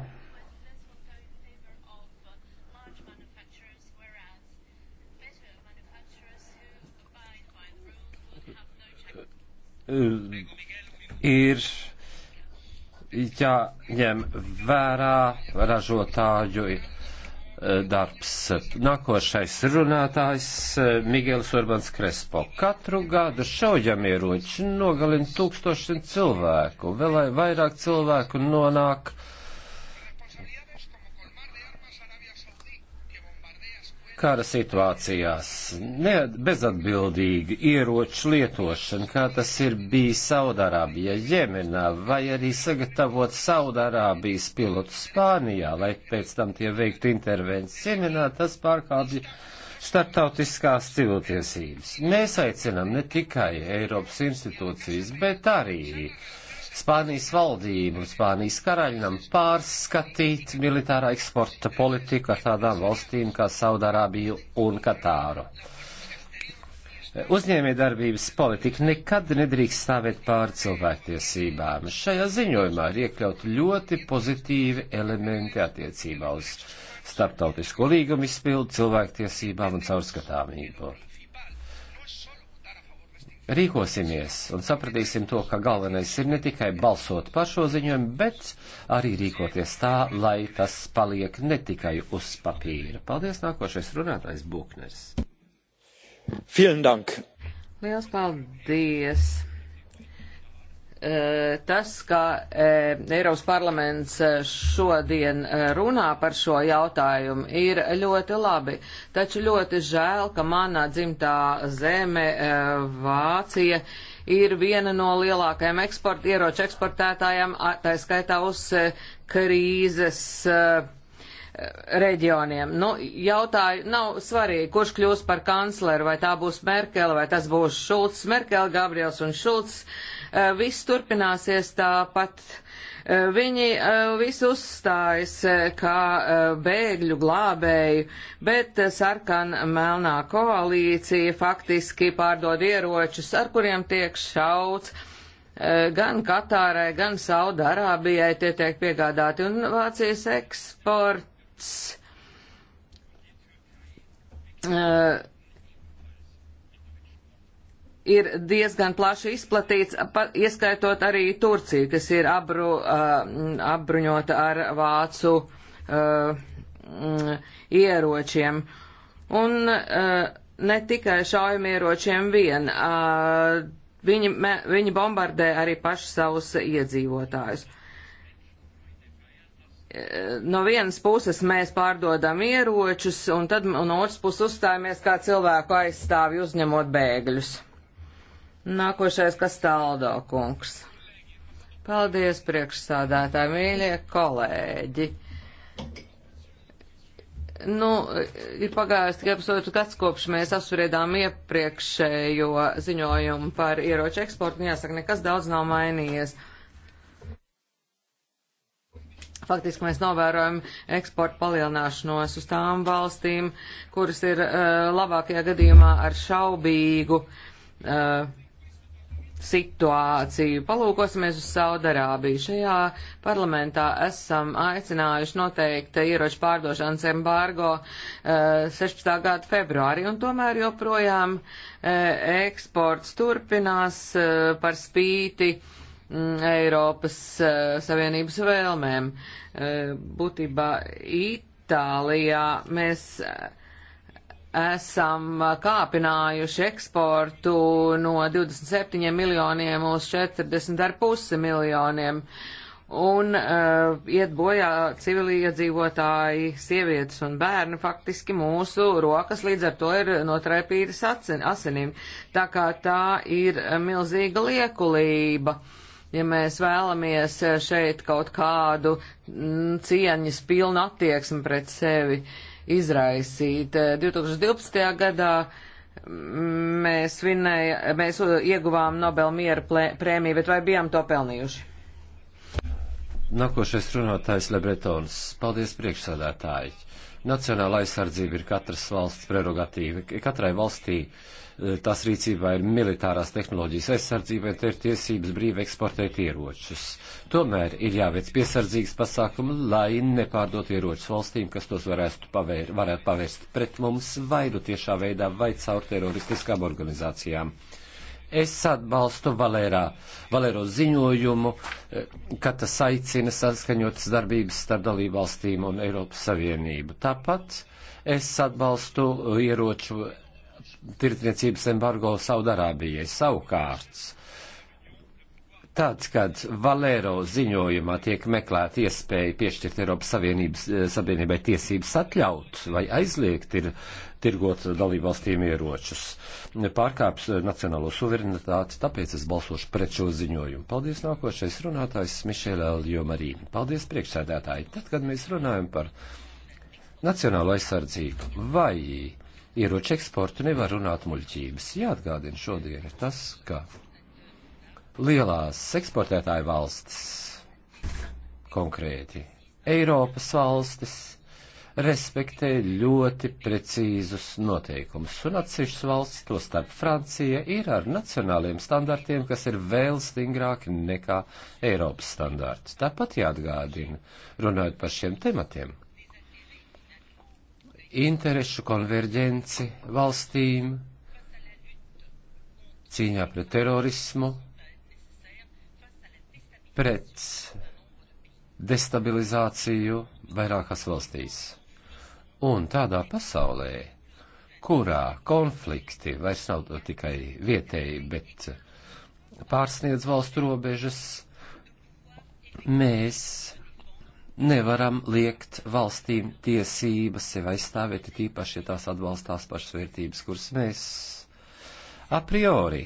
ir jāņem vērā ražotāju eh, darbs. Nākošais runātājs eh, Migels Urbans Krespo. Katru gadu šaujamieroči nogalina tūkstošiem cilvēku, vēl vairāk cilvēku nonāk uh, kara situācijās, ne, bezatbildīgi ieroču lietošana, kā tas ir bijis Saudārābijā, Jemenā, vai arī sagatavot Saudārābijas pilotu Spānijā, lai pēc tam tie veiktu intervences Jemenā, tas pārkāpja starptautiskās civiltiesības. Mēs aicinām ne tikai Eiropas institūcijas, bet arī Spānijas valdību un Spānijas karaļnam pārskatīt militārā eksporta politiku ar tādām valstīm kā Saudārābiju un Katāru. Uzņēmējdarbības politika nekad nedrīkst stāvēt pār cilvēktiesībām. Šajā ziņojumā ir iekļaut ļoti pozitīvi elementi attiecībā uz starptautisko līgumu izpildu cilvēktiesībām un caurskatāmību rīkosimies un sapratīsim to, ka galvenais ir ne tikai balsot par šo ziņojumu, bet arī rīkoties tā, lai tas paliek ne tikai uz papīra. Paldies, nākošais runātājs Bukners. Vielen dank! Liels paldies! Eh, tas, ka eh, Eiropas parlaments eh, šodien runā par šo jautājumu, ir ļoti labi. Taču ļoti žēl, ka manā dzimtā zeme Vācija ir viena no lielākajām eksporta, ieroču eksportētājām, tā skaitā uz krīzes reģioniem. Nu, jautāju, nav svarīgi, kurš kļūs par kancleru, vai tā būs Merkele, vai tas būs Šulcs, Merkele, Gabriels un Šulcs. Uh, Eh, viss turpināsies tāpat. Eh, viņi eh, visu uzstājas kā bēgļu glābēju, bet sarkana melnā koalīcija faktiski pārdod ieročus, ar kuriem tiek šauts gan Katārai, gan Saudarābijai tie tiek piegādāti, un Vācijas eksports. Uh, ir diezgan plaši izplatīts, pa, ieskaitot arī Turciju, kas ir abru, uh, apbruņota ar vācu uh, ieročiem. Un uh, ne tikai šaujamieročiem vien, uh, viņi, me, viņi bombardē arī paši savus iedzīvotājus. Uh, no vienas puses mēs pārdodam ieročus, un tad no otras puses uzstājamies kā cilvēku aizstāvi uzņemot bēgļus. Nākošais, kas taldo kungs. Paldies, priekšsādātāji, mīļie kolēģi. Nu, ir pagājis tikai pusotru gads, kopš mēs apspriedām iepriekšējo ziņojumu par ieroču eksportu, un jāsaka, nekas daudz nav mainījies. Faktiski mēs novērojam eksporta palielināšanos uz tām valstīm, kuras ir uh, labākajā gadījumā ar šaubīgu uh, situāciju. Palūkosimies uz Saudarābiju. Šajā parlamentā esam aicinājuši noteikti ieroču pārdošanas embargo 16. Eh, gada februārī, un tomēr joprojām eh, eksports turpinās eh, par spīti. Mm, Eiropas Savienības vēlmēm. Būtībā Itālijā mēs esam kāpinājuši eksportu no 27 miljoniem uz 40,5 miljoniem. Un uh, iet bojā civiliedzīvotāji, sievietes un bērni, faktiski mūsu rokas līdz ar to ir notraipītas asinīm. Tā kā tā ir milzīga liekulība. Ja mēs vēlamies šeit kaut kādu mm, cieņas pilnu attieksmi pret sevi, uh, izraisīt. 2012. Eh, gadā mēs, vinēja, mēs eh, ieguvām Nobel miera prēmiju, bet vai bijām to pelnījuši? Nākošais runātājs Lebretons. Paldies priekšsādātāji. Nacionāla aizsardzība ir katras valsts prerogatīva. Katrai valstī uh, Eh, tās rīcībā ir militārās tehnoloģijas aizsardzībai, te ir tiesības brīvi eksportēt ieročus. Tomēr ir jāveic piesardzīgas pasākumi, lai nepārdot ieročus valstīm, kas tos varētu, pavēr, varētu pavērst pret mums vai nu tiešā veidā vai caur teroristiskām organizācijām. Es atbalstu Valērā, Valēro ziņojumu, eh, ka tas aicina saskaņotas darbības starp dalībvalstīm un Eiropas Savienību. Tāpat es atbalstu ieroču tirdzniecības embargo Saudarābijai. Savukārt, tad, kad Valero ziņojumā tiek meklēta iespēja piešķirt Eiropas Savienības eh, sabiedrībai tiesības atļaut vai aizliegt ir tirgot dalībvalstīm ieročus, pārkāps nacionālo suverenitāti, tāpēc es balsošu pret šo ziņojumu. Paldies nākošais runātājs Mišēlē Ljomarī. Paldies priekšsēdētāji. Tad, kad mēs runājam par nacionālo aizsardzību vai ieroču eksportu nevar runāt muļķības. Jāatgādina šodien ir tas, ka lielās eksportētāju valstis, konkrēti Eiropas valstis, respektē ļoti precīzus noteikumus, un atsevišķas valsts, to starp Francija, ir ar nacionāliem standartiem, kas ir vēl stingrāki nekā Eiropas standarts. Tāpat jāatgādina, runājot par šiem tematiem, interešu konverģenci valstīm, cīņā pret terorismu, pret destabilizāciju vairākās valstīs. Un tādā pasaulē, kurā konflikti vairs nav tikai vietēji, bet pārsniedz valstu robežas, mēs nevaram liekt valstīm tiesības sev aizstāvēt, tīpaši, ja tās atbalstās pašas vērtības, kuras mēs a priori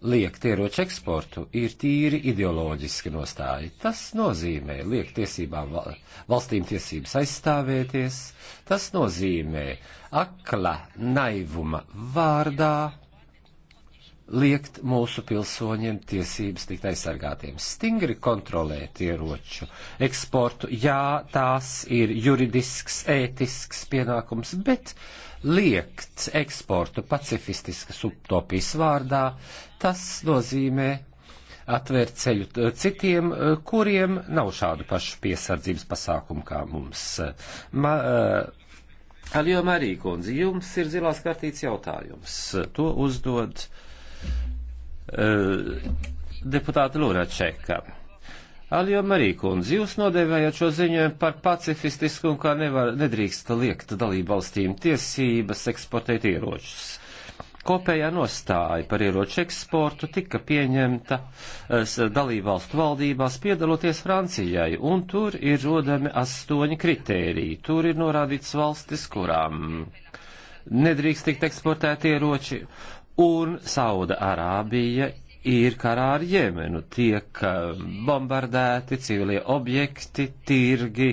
liekt ieroču eksportu, ir tīri ideoloģiski nostāji. Tas nozīmē liekt tiesībām valstīm tiesības aizstāvēties, tas nozīmē akla naivuma vārdā liekt mūsu pilsoņiem tiesības tikt aizsargātiem, stingri kontrolēt ieroču eksportu. Jā, tās ir juridisks, ētisks pienākums, bet liekt eksportu pacifistiskas utopijas vārdā, tas nozīmē atvērt ceļu citiem, e, kuriem nav šādu pašu piesardzības pasākumu kā mums. Ma, e, Aljoma Rīkundze, jums ir zilās kartītes jautājums. To uzdod uh, Eh, deputāti Lūra Čeka. Aljo Marīkundze, jūs nodēvējat šo ziņojumu par pacifistisku un kā nevar, nedrīkst liekt dalībvalstīm tiesības eksportēt ieročus. Kopējā nostāja par ieroču eksportu tika pieņemta dalībvalstu valdībās piedaloties Francijai, un tur ir rodami astoņi kritēriji. Tur ir norādīts valstis, kurām nedrīkst tikt eksportēti ieroči, un Sauda Arābija ir karā ar Jemenu. Tiek um, bombardēti civilie objekti, tirgi,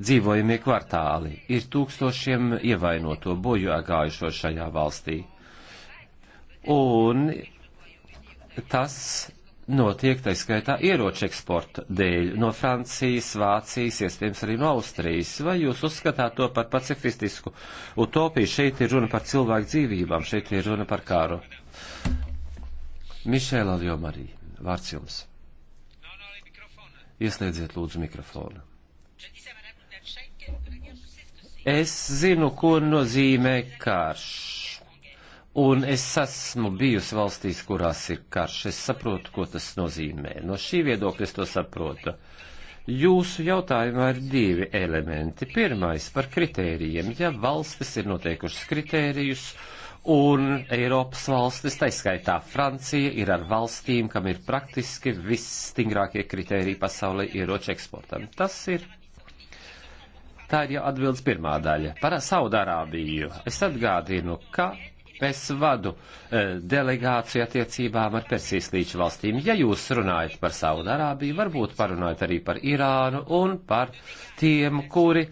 dzīvojamie kvartāli. Ir tūkstošiem ievainoto bojā gājušo šajā valstī. Un tas notiek taiskaitā ieroču eksporta dēļ no Francijas, Vācijas, iespējams arī no Austrijas. Vai jūs uzskatāt to par pacifistisku utopiju? Šeit ir runa par cilvēku dzīvībām, šeit ir runa par kāru. Mišēla Ljomarī, vārds jums. Ieslēdziet lūdzu mikrofonu. Es zinu, ko nozīmē karš Un es esmu bijusi valstīs, kurās ir karš. Es saprotu, ko tas nozīmē. No šī viedokļa es to saprotu. Jūsu jautājumā ir divi elementi. Pirmais par kritērijiem. Ja valstis ir noteikušas kritērijus, un Eiropas valstis, taiskaitā Francija, ir ar valstīm, kam ir praktiski visstingrākie kritēriji pasaulē ieroču eksportam. Tas ir Tā ir jau atbildes pirmā daļa. Par Saudārābiju. Es atgādinu, ka Es vadu e, delegāciju attiecībām ar Persijas līča valstīm. Ja jūs runājat par Saudārābiju, varbūt parunājat arī par Irānu un par tiem, kuri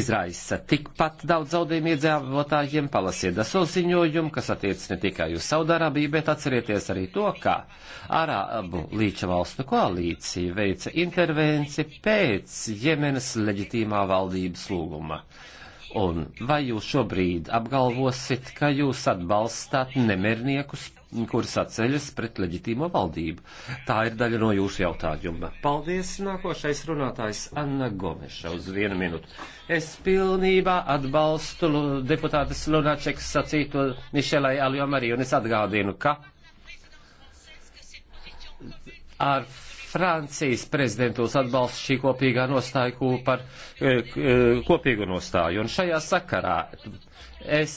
izraisa tikpat daudz zaudējumu iedzīvotājiem, palasiet daso ziņojumu, kas attiec ne tikai uz Saudārābiju, bet atcerieties arī to, ka Arābu līča valstu koalīcija veica intervenci pēc Jemenas leģitīmā valdības lūguma. Un vai jūs šobrīd apgalvosit, ka jūs atbalstāt nemierniekus, kuris atceļas pret leģitīmo valdību? Tā ir daļa no jūsu jautājuma. Paldies, nākošais runātājs Anna Gomeša uz vienu minūtu. Es pilnībā atbalstu deputātes Lunačekas sacīto Mišelai Aljomarī, un es atgādinu, ka ar Francijas prezidentūras atbalsts šī kopīgā nostāja par e, e, kopīgu nostāju. Un šajā sakarā es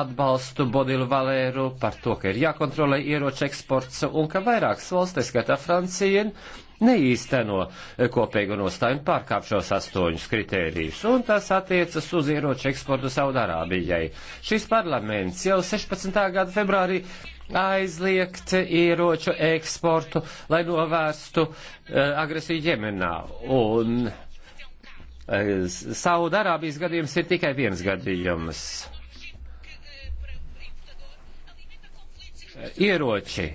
atbalstu Bodilu Valēru par to, ka ir jākontrolē ieroču eksports un ka vairākas valstis, skatā Francija, neīsteno e, kopīgu nostāju un pārkāp šos astoņus kritērijus, un tas attiecas uz ieroču eksportu Saudārābijai. Šis parlaments jau 16. gada februārī aizliegt ieroču eksportu, lai novērstu uh, agresiju Jemenā. Un uh, eh, Saudarābijas gadījums ir tikai viens gadījums. Ieroči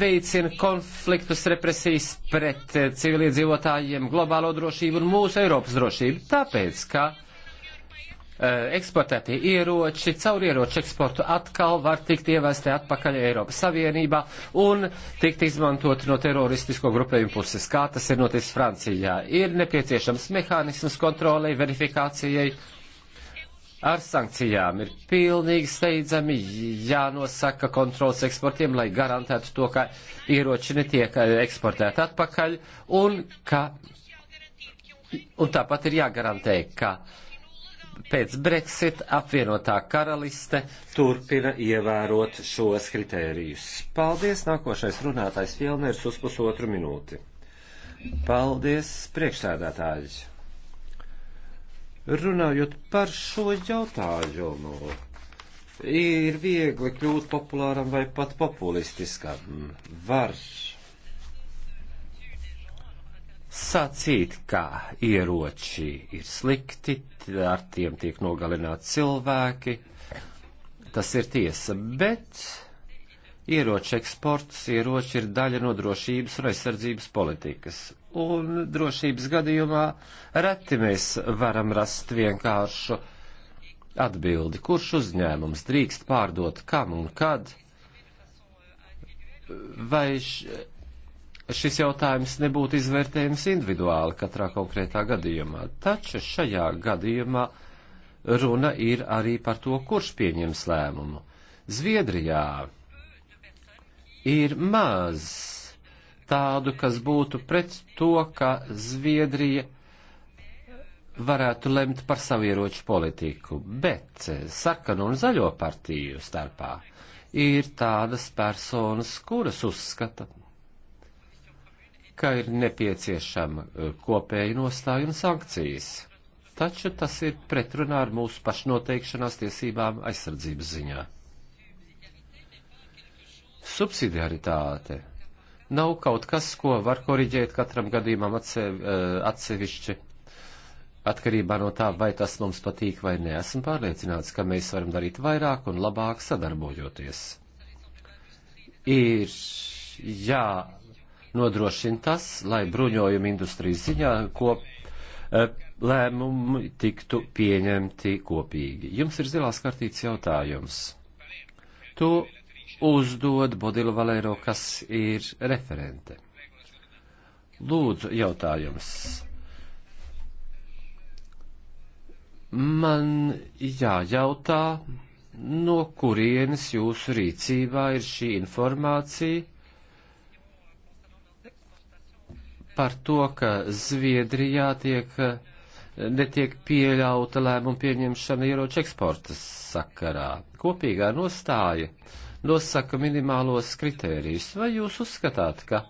veicina konfliktus, represijas pret eh, civiliedzīvotājiem, globālo drošību un mūsu Eiropas drošību. Tāpēc, ka Eh, eksportētie ieroči, caur ieroču eksportu atkal var tikt ievesti atpakaļ Eiropas Savienībā un tikt izmantoti no teroristisko grupējumu puses, kā tas ir noticis Francijā. Ir nepieciešams mehānisms kontrolei, verifikācijai ar sankcijām. Ir pilnīgi steidzami jānosaka kontrols eksportiem, lai garantētu to, ka ieroči netiek eh, eksportēti atpakaļ un ka. Un tāpat ir jāgarantē, ka uh, pēc Brexit apvienotā karaliste turpina ievērot šos kritērijus. Paldies, nākošais runātājs Fielners uz pusotru minūti. Paldies, priekšsēdētājs. Runājot par šo jautājumu, ir viegli kļūt populāram vai pat populistiskam. Var sacīt, ka ieroči ir slikti, ar tiem tiek nogalināti cilvēki. Tas ir tiesa, bet ieroču eksports, ieroči ir daļa no drošības un aizsardzības politikas. Un drošības gadījumā reti mēs varam rast vienkāršu atbildi, kurš uzņēmums drīkst pārdot kam un kad. Vai š šis jautājums nebūtu izvērtējams individuāli katrā konkrētā gadījumā. Taču šajā gadījumā runa ir arī par to, kurš pieņems lēmumu. Zviedrijā ir maz tādu, kas būtu pret to, ka Zviedrija varētu lemt par savu ieroču politiku, bet eh, sarkanu un zaļo partiju starpā ir tādas personas, kuras uzskata, ka ir nepieciešama eh, kopēja nostāja un sankcijas. Taču tas ir pretrunā ar mūsu pašnoteikšanās tiesībām aizsardzības ziņā. Subsidiaritāte nav kaut kas, ko var koriģēt katram gadījumam eh, atsevišķi atkarībā no tā, vai tas mums patīk vai nē. Esmu pārliecināts, ka mēs varam darīt vairāk un labāk sadarbojoties. Ir jā nodrošina tas, lai bruņojuma industrijas ziņā kop, e, lēmumi tiktu pieņemti kopīgi. Jums ir zilās kartītes jautājums. To uzdod Bodila Valero, kas ir referente. Lūdzu, jautājums. Man jājautā, no kurienes jūsu rīcībā ir šī informācija? par to, ka Zviedrijā tiek, netiek pieļauta lēmuma pieņemšana ieroču eksporta sakarā. Kopīgā nostāja nosaka minimālos kritērijus. Vai jūs uzskatāt, ka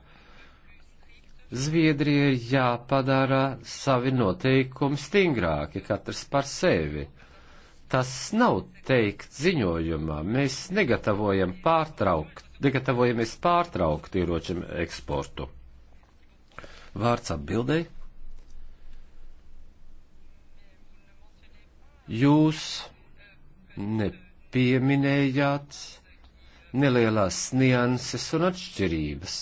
Zviedrija ir jāpadara savi noteikumi stingrāki, katrs par sevi? Tas nav teikt ziņojumā. Mēs negatavojam pārtraukt, negatavojamies pārtraukt ieroču eksportu. Vārds atbildēji. Jūs nepieminējāt nelielās nianses un atšķirības,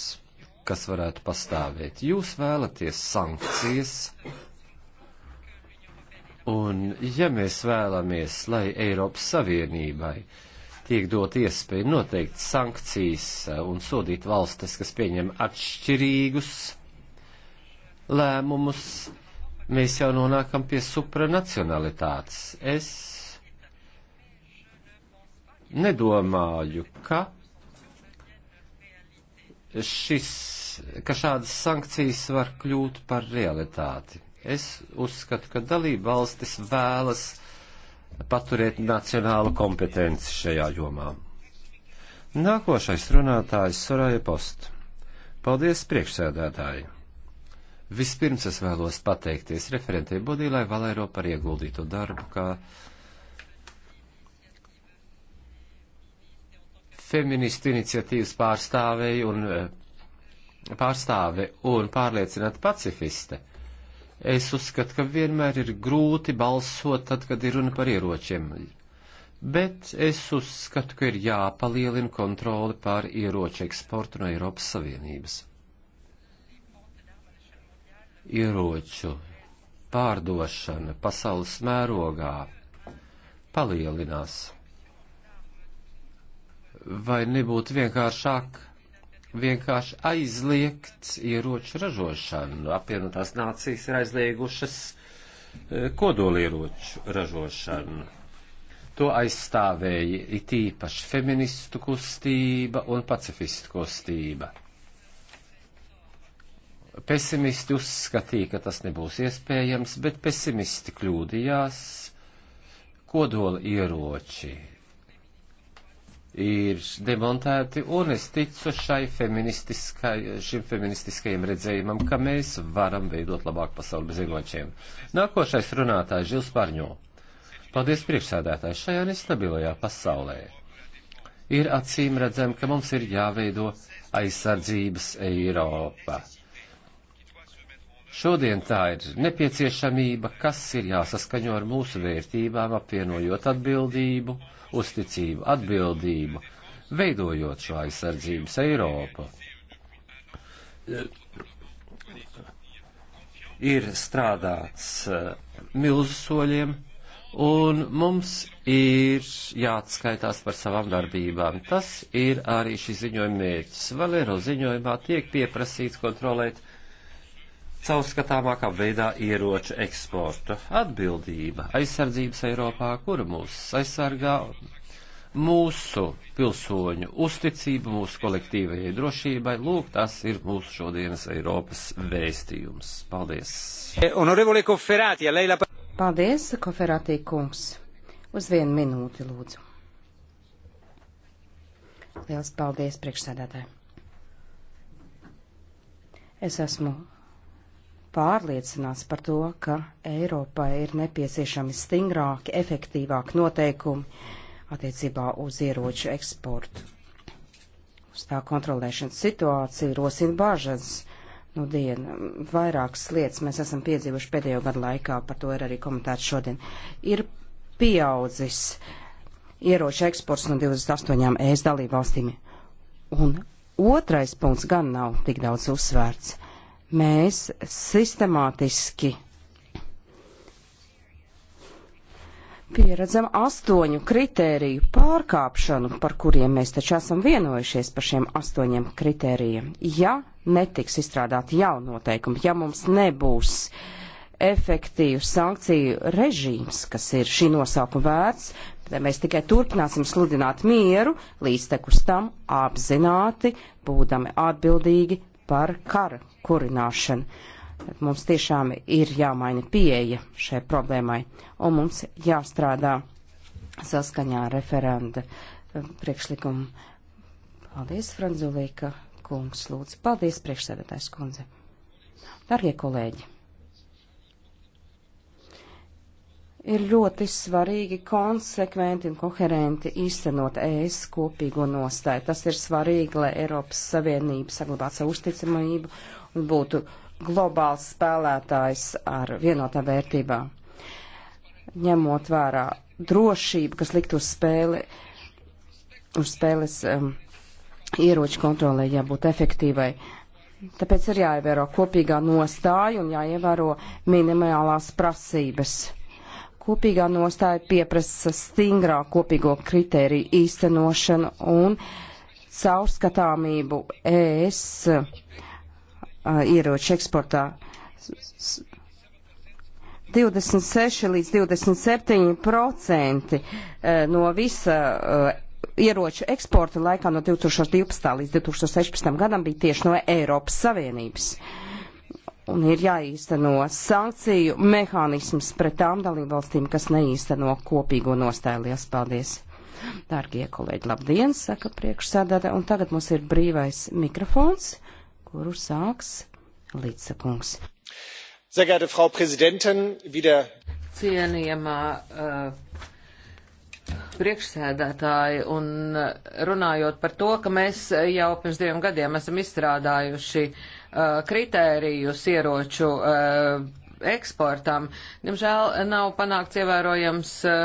kas varētu pastāvēt. Jūs vēlaties sankcijas, un ja mēs vēlamies, lai Eiropas Savienībai tiek dot iespēju noteikt sankcijas un sodīt valstis, kas pieņem atšķirīgus lēmumus, mēs jau nonākam pie supranacionalitātes. Es nedomāju, ka šis, ka šādas sankcijas var kļūt par realitāti. Es uzskatu, ka dalība valstis vēlas paturēt nacionālu kompetenci šajā jomā. Nākošais runātājs Soraya Post. Paldies priekšsēdētāji! Vispirms es vēlos pateikties referentei Bodīlai Valēro par ieguldīto darbu, kā feministu iniciatīvas pārstāvēji un eh, pārstāve un pārliecināta pacifiste. Es uzskatu, ka vienmēr ir grūti balsot tad, kad ir runa par ieročiem. Bet es uzskatu, ka ir jāpalielina kontroli pār ieroču eksportu no Eiropas Savienības ieroču pārdošana pasaules mērogā palielinās. Vai nebūtu vienkāršāk vienkārši aizliegt ieroču ražošanu? Apvienotās nācijas ir aizliegušas e, kodolieroču ražošanu. To aizstāvēja it īpaši feministu kustība un pacifistu kustība. Pesimisti uzskatīja, ka tas nebūs iespējams, bet pesimisti kļūdījās. Kodola ieroči ir demontēti, un es ticu šai feministiskai, šim feministiskajam redzējumam, ka mēs varam veidot labāku pasauli bez ieročiem. Nākošais runātājs Žils Parņo. Paldies priekšsēdētāji šajā nestabilajā pasaulē. Ir acīm redzam, ka mums ir jāveido aizsardzības Eiropa. Šodien tā ir nepieciešamība, kas ir jāsaskaņo ar mūsu vērtībām, apvienojot atbildību, uzticību, atbildību, veidojot šo aizsardzības Eiropu. Ir strādāts eh, milzu soļiem, un mums ir jāatskaitās par savām darbībām. Tas ir arī šī ziņojuma mērķis. Valero ziņojumā tiek pieprasīts kontrolēt caurskatāmākā veidā ieroču eksportu. Atbildība aizsardzības Eiropā, kura mūs aizsargā, mūsu pilsoņu uzticību, mūsu kolektīvajai drošībai. Lūk, tas ir mūsu šodienas Eiropas vēstījums. Paldies! Paldies, Koferātī kungs! Uz vienu minūti, lūdzu. Liels paldies, priekšsēdētāji! Es esmu pārliecināts par to, ka Eiropai ir nepieciešami stingrāki, efektīvāki noteikumi attiecībā uz ieroču eksportu. Uz tā kontrolēšanas situāciju rosina bažas. Nu, diena, vairākas lietas mēs esam piedzīvojuši pēdējo gadu laikā, par to ir arī komentēts šodien. Ir pieaudzis ieroču eksports no 28 ES dalībvalstīm. Un otrais punkts gan nav tik daudz uzsvērts mēs sistemātiski pieredzam astoņu kritēriju pārkāpšanu, par kuriem mēs taču esam vienojušies par šiem astoņiem kritērijiem. Ja netiks izstrādāt jaunu noteikumu, ja mums nebūs efektīvs sankciju režīms, kas ir šī nosaukuma vērts, tad mēs tikai turpināsim sludināt mieru, līdz tekus tam apzināti, būdami atbildīgi par kara kurināšanu. Mums tiešām ir jāmaina pieeja šai problēmai, un mums jāstrādā saskaņā ar referenda eh, priekšlikumu. Paldies, Franzulīka kungs, lūdzu. Paldies, priekšsēdētājs kundze. Dargie kolēģi! ir ļoti svarīgi konsekventi un koherenti īstenot ES kopīgo nostāju. Tas ir svarīgi, lai Eiropas Savienība saglabātu savu uzticamību un būtu globāls spēlētājs ar vienotā vērtībā. Ņemot vērā drošību, kas likt uz spēli, uz spēles um, ieroču kontrolē jābūt efektīvai. Tāpēc ir jāievēro kopīgā nostāja un jāievēro minimālās prasības kopīgā nostāja pieprasa stingrā kopīgo kritēriju īstenošanu un caurskatāmību ES uh, ieroču eksportā. 26 līdz 27 procenti uh, no visa uh, ieroču eksporta laikā no 2012. līdz 2016. gadam bija tieši no Eiropas Savienības. Uh, un ir jāīsteno sankciju mehānisms pret tām dalībvalstīm, kas neīsteno kopīgo nostājies. Paldies! Dārgie kolēģi, labdien, saka priekšsēdētā, un tagad mums ir brīvais mikrofons, kuru sāks līdzsakungs. Zagāda Frau Prezidentin, wieder. Cienījamā uh, priekšsēdētāji un uh, runājot par to, ka mēs jau pirms diviem gadiem esam izstrādājuši uh, Eh, kritērijus ieroču eh, eksportam, diemžēl nav panākts ievērojams eh,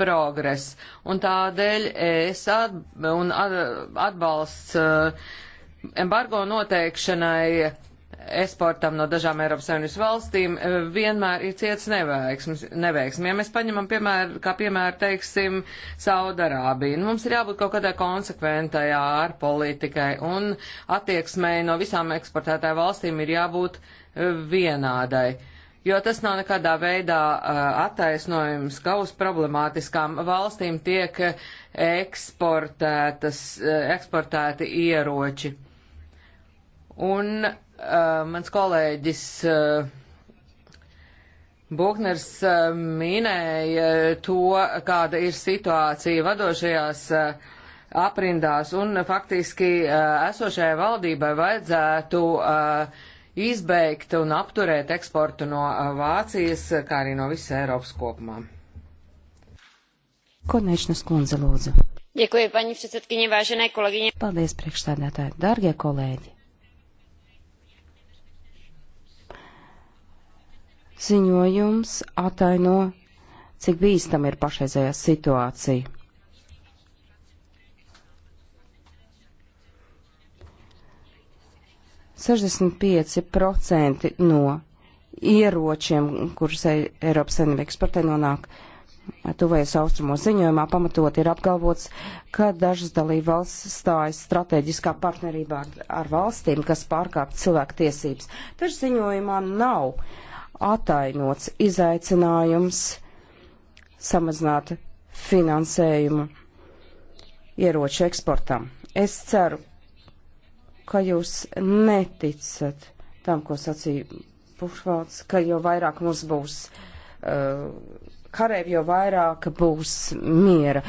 progress. Un tādēļ es at, un atbalsts embargo noteikšanai eksportam no dažām Eiropas Savienības valstīm eh, vienmēr ir ciets neveiksmi. Ja mēs paņemam, piemēr, kā piemēru, teiksim, Saudarābiju, nu, mums ir jābūt kaut kādai konsekventai ārpolitikai un attieksmei no visām eksportētāju valstīm ir jābūt eh, vienādai. Jo tas nav nekādā veidā eh, attaisnojums, ka uz problemātiskām valstīm tiek eksportētas, eksportēti ieroči. Un Uh, mans kolēģis uh, eh, Buhners uh, eh, minēja to, kāda ir situācija vadošajās aprindās, un faktiski esošajai valdībai vajadzētu izbeigt un apturēt eksportu no Vācijas, kā arī no visas Eiropas kopumā. Konečnas kundze lūdzu. Děkuji, paní předsedkyně, vážené kolegyně. Paldies, priekšsēdētāji, dārgie kolēģi. ziņojums ataino, cik bīstam ir pašreizējā situācija. Sešdesmit pieci procenti no ieročiem, kurus e- Eiropas Savienība eksportē nonāk tuvējas austrumos ziņojumā, pamatot ir apgalvots, ka dažas dalībvalsts stājas strateģiskā partnerībā ar, ar valstīm, kas pārkāpj cilvēku tiesības. Taču ziņojumā nav atainots izaicinājums samazināt finansējumu ieroču eksportam. Es ceru, ka jūs neticat tam, ko sacīja Bušvalds, ka jau vairāk mums būs uh, karēvi jau vairāk būs miera.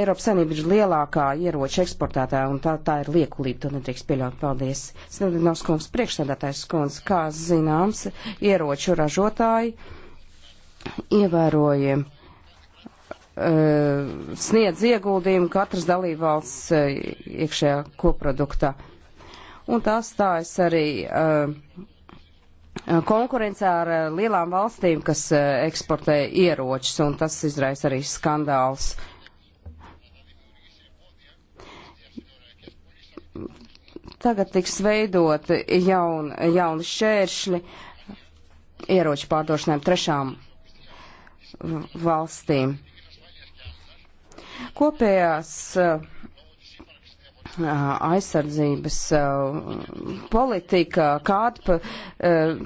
Eiropas Savienība ir lielākā ieroča eksportētāja, un tā, tā ir liekulība, to nedrīkst pieļaut. Paldies. Snedrinovs kungs, priekšstādātājs kungs, kā zināms, ieroču ražotāji ievēroja uh, sniedz ieguldījumu katras dalībvalsts uh, iekšējā koproduktā. Un tā stājas arī uh, Eh, konkurence ar eh, lielām valstīm, kas eh, eksportē ieročus, un tas izraisa arī skandāls. Tagad tiks veidot jaun, jauni šēršļi ieroču pārdošanām trešām valstīm. Kopējās uh, aizsardzības politika, kāda pa,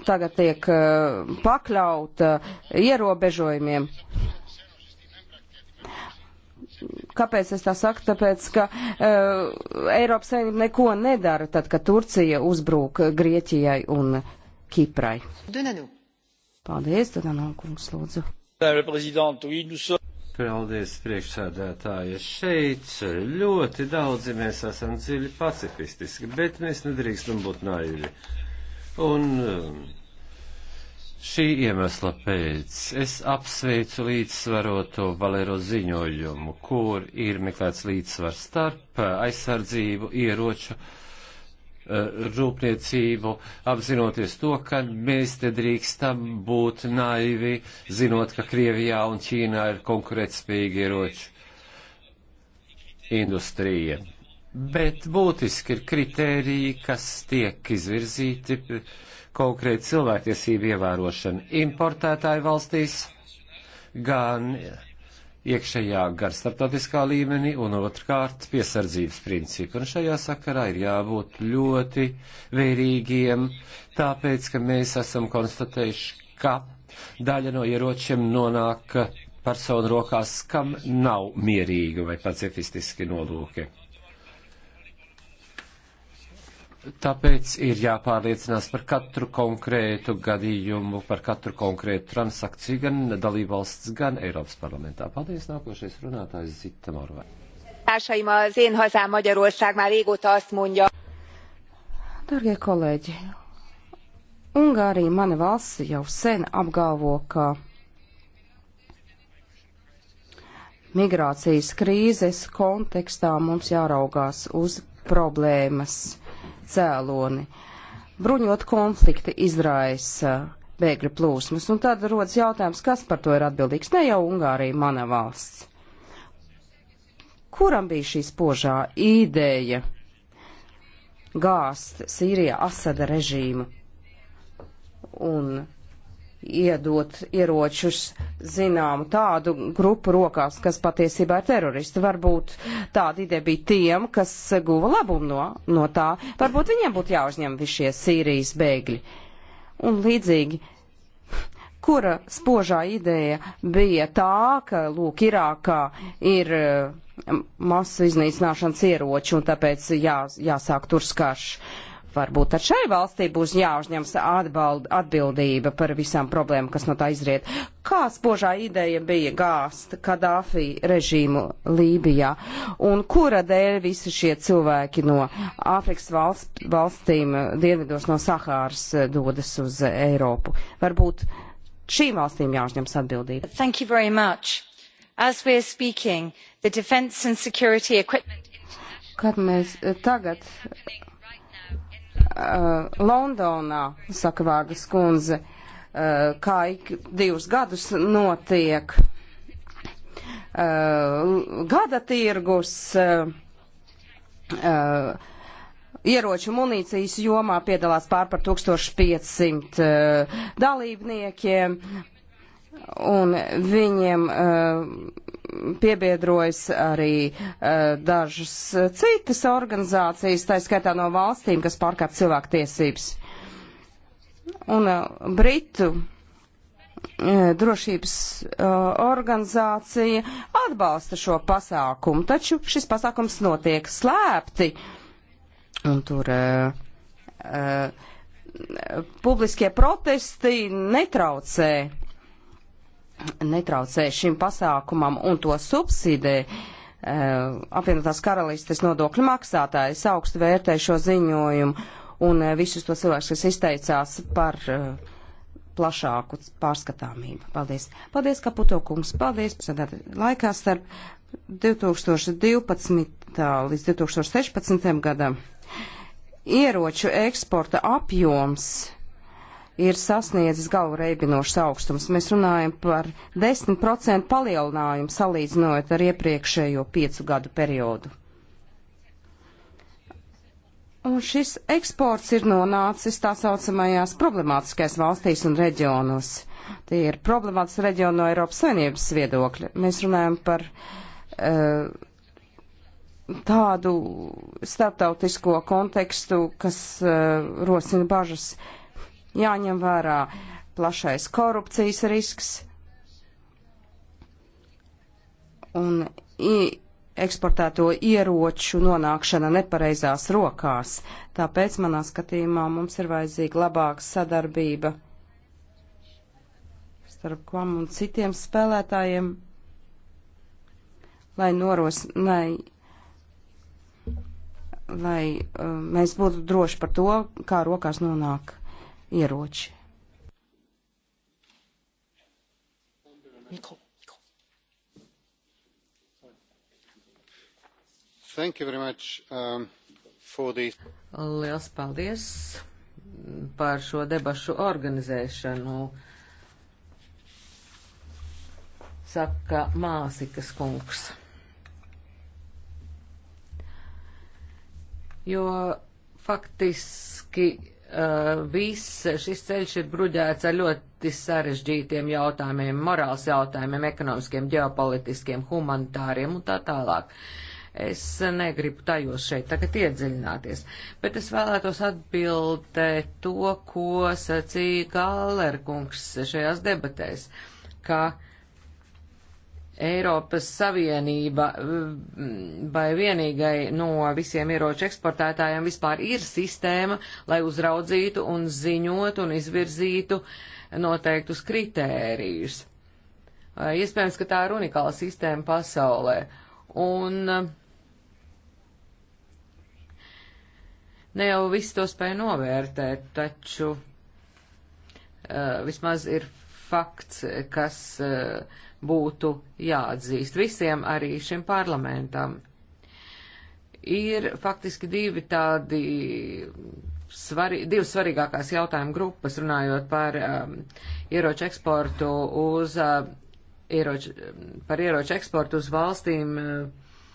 tagad tiek pakļauta ierobežojumiem. Kāpēc es tā saku? Tāpēc, ka uh, Eiropas Savienība neko nedara tad, kad Turcija uzbrūk Grieķijai un Kiprai. Paldies, Danankungs, lūdzu. Paldies, priekšsādātāji. Šeit ļoti daudzi mēs esam dziļi pacifistiski, bet mēs nedrīkstam būt naivi. Un um, šī iemesla pēc es apsveicu līdzsvaroto Valero ziņojumu, kur ir meklēts līdzsvars starp aizsardzību ieroču Eh, rūpniecību, apzinoties to, ka mēs te drīkstam būt naivi, zinot, ka Krievijā un Ķīnā ir konkurētspējīgi ieroči industrija. Bet būtiski ir kritēriji, kas tiek izvirzīti eh, konkrēti cilvēktiesību ievērošana importētāju valstīs, gan iekšējā gar starptautiskā līmenī un otrkārt piesardzības principu. Un šajā sakarā ir jābūt ļoti vērīgiem, tāpēc, ka mēs esam konstatējuši, ka daļa no ieročiem nonāk personu rokās, kam nav mierīgi vai pacifistiski nolūki. Tāpēc ir jāpārliecinās par katru konkrētu gadījumu, par katru konkrētu transakciju gan dalībvalsts, gan Eiropas parlamentā. Paldies, nākošais runātājs Zita Morvai. Társaim, az én hazám Magyarország már régóta azt mondja. Dargie kolēģi, Ungārija, mana valsts, jau sen apgalvo, ka migrācijas krīzes kontekstā mums jāraugās uz problēmas cēloni. Bruņot konflikti izraisa bēgļu plūsmas, un tad rodas jautājums, kas par to ir atbildīgs, ne jau Ungārija, mana valsts. Kuram bija šī spožā ideja gāzt Sīrijā Asada režīmu un iedot ieročus zināmu tādu grupu rokās, kas patiesībā ir teroristi. Varbūt tāda ideja bija tiem, kas guva labumu no, no tā. Varbūt viņiem būtu jāuzņem visi šie Sīrijas bēgļi. Un līdzīgi, kura spožā ideja bija tā, ka, lūk, Irākā ir eh, masu iznīcināšanas ieroči un tāpēc jā, jāsāk tur skarš. Uh, Varbūt tad šai valstī būs jāuzņems atbald, atbildība par visām problēmām, kas no tā izriet. Kā spožā ideja bija gāzt Kadāfi režīmu Lībijā? Un kura dēļ visi šie cilvēki no Āfrikas valst, valstīm eh, dienvidos no Sahāras eh, dodas uz eh, Eiropu? Varbūt šīm valstīm jāuzņems atbildība. Thank you very much. As we are speaking, the defense and security equipment. Kad mēs tagad Uh, Londonā, saka Vārdas kundze, uh, kā ik divus gadus notiek uh, gada tirgus uh, uh, ieroču munīcijas jomā piedalās pār par 1500 uh, dalībniekiem, un viņiem uh, piebiedrojas arī uh, dažas citas organizācijas, tā skaitā no valstīm, kas pārkāp cilvēku tiesības. Un uh, Britu uh, drošības uh, organizācija atbalsta šo pasākumu, taču šis pasākums notiek slēpti. Un tur uh, uh, publiskie protesti netraucē netraucē šim pasākumam un to subsidē. Uh, apvienotās karalistes nodokļu maksātāji. Es augstu vērtēju šo ziņojumu un uh, visus tos cilvēkus, kas izteicās par uh, plašāku pārskatāmību. Paldies. Paldies, Kaputo kungs. Paldies. Laikā starp 2012. līdz 2016. gadam ieroču eksporta apjoms ir sasniedzis galvu reibinošas augstums. Mēs runājam par 10% palielinājumu salīdzinot ar iepriekšējo piecu gadu periodu. Un šis eksports ir nonācis tā saucamajās problemātiskais valstīs un reģionos. Tie ir problemātiski reģioni no Eiropas Savienības viedokļa. Mēs runājam par uh, tādu starptautisko kontekstu, kas uh, rosina bažas uh, jāņem vērā plašais korupcijas risks un eksportēto ieroču nonākšana nepareizās rokās. Tāpēc manā skatījumā mums ir vajadzīga labāka sadarbība starp kvam un citiem spēlētājiem, lai noros, lai, lai uh, mēs būtu droši par to, kā rokās nonāk ieroči. Mikro, mikro. Thank you very much um, for the... Liels paldies par šo debašu organizēšanu. Saka Māsikas kungs. Jo faktiski Uh, viss šis ceļš ir bruģēts ar ļoti sarežģītiem jautājumiem, morāls jautājumiem, ekonomiskiem, ģeopolitiskiem, humanitāriem un tā tālāk. Es negribu tajos šeit tagad iedziļināties, bet es vēlētos atbildēt to, ko sacīja Kālerkungs šajās debatēs, ka uh, Eiropas Savienība mm, vai vienīgai no visiem ieroču eksportētājiem vispār ir sistēma, lai uzraudzītu un ziņotu un izvirzītu noteiktus kritērijus. Iespējams, ka tā ir unikāla sistēma pasaulē. Un ne jau visi to spēja novērtēt, taču vismaz ir fakts, kas būtu jāatzīst visiem arī šim parlamentam. Ir faktiski divi tādi svari, divas svarīgākās jautājuma grupas, runājot par um, ieroču eksportu uz, uh, ieroču, par ieroču eksportu uz valstīm uh,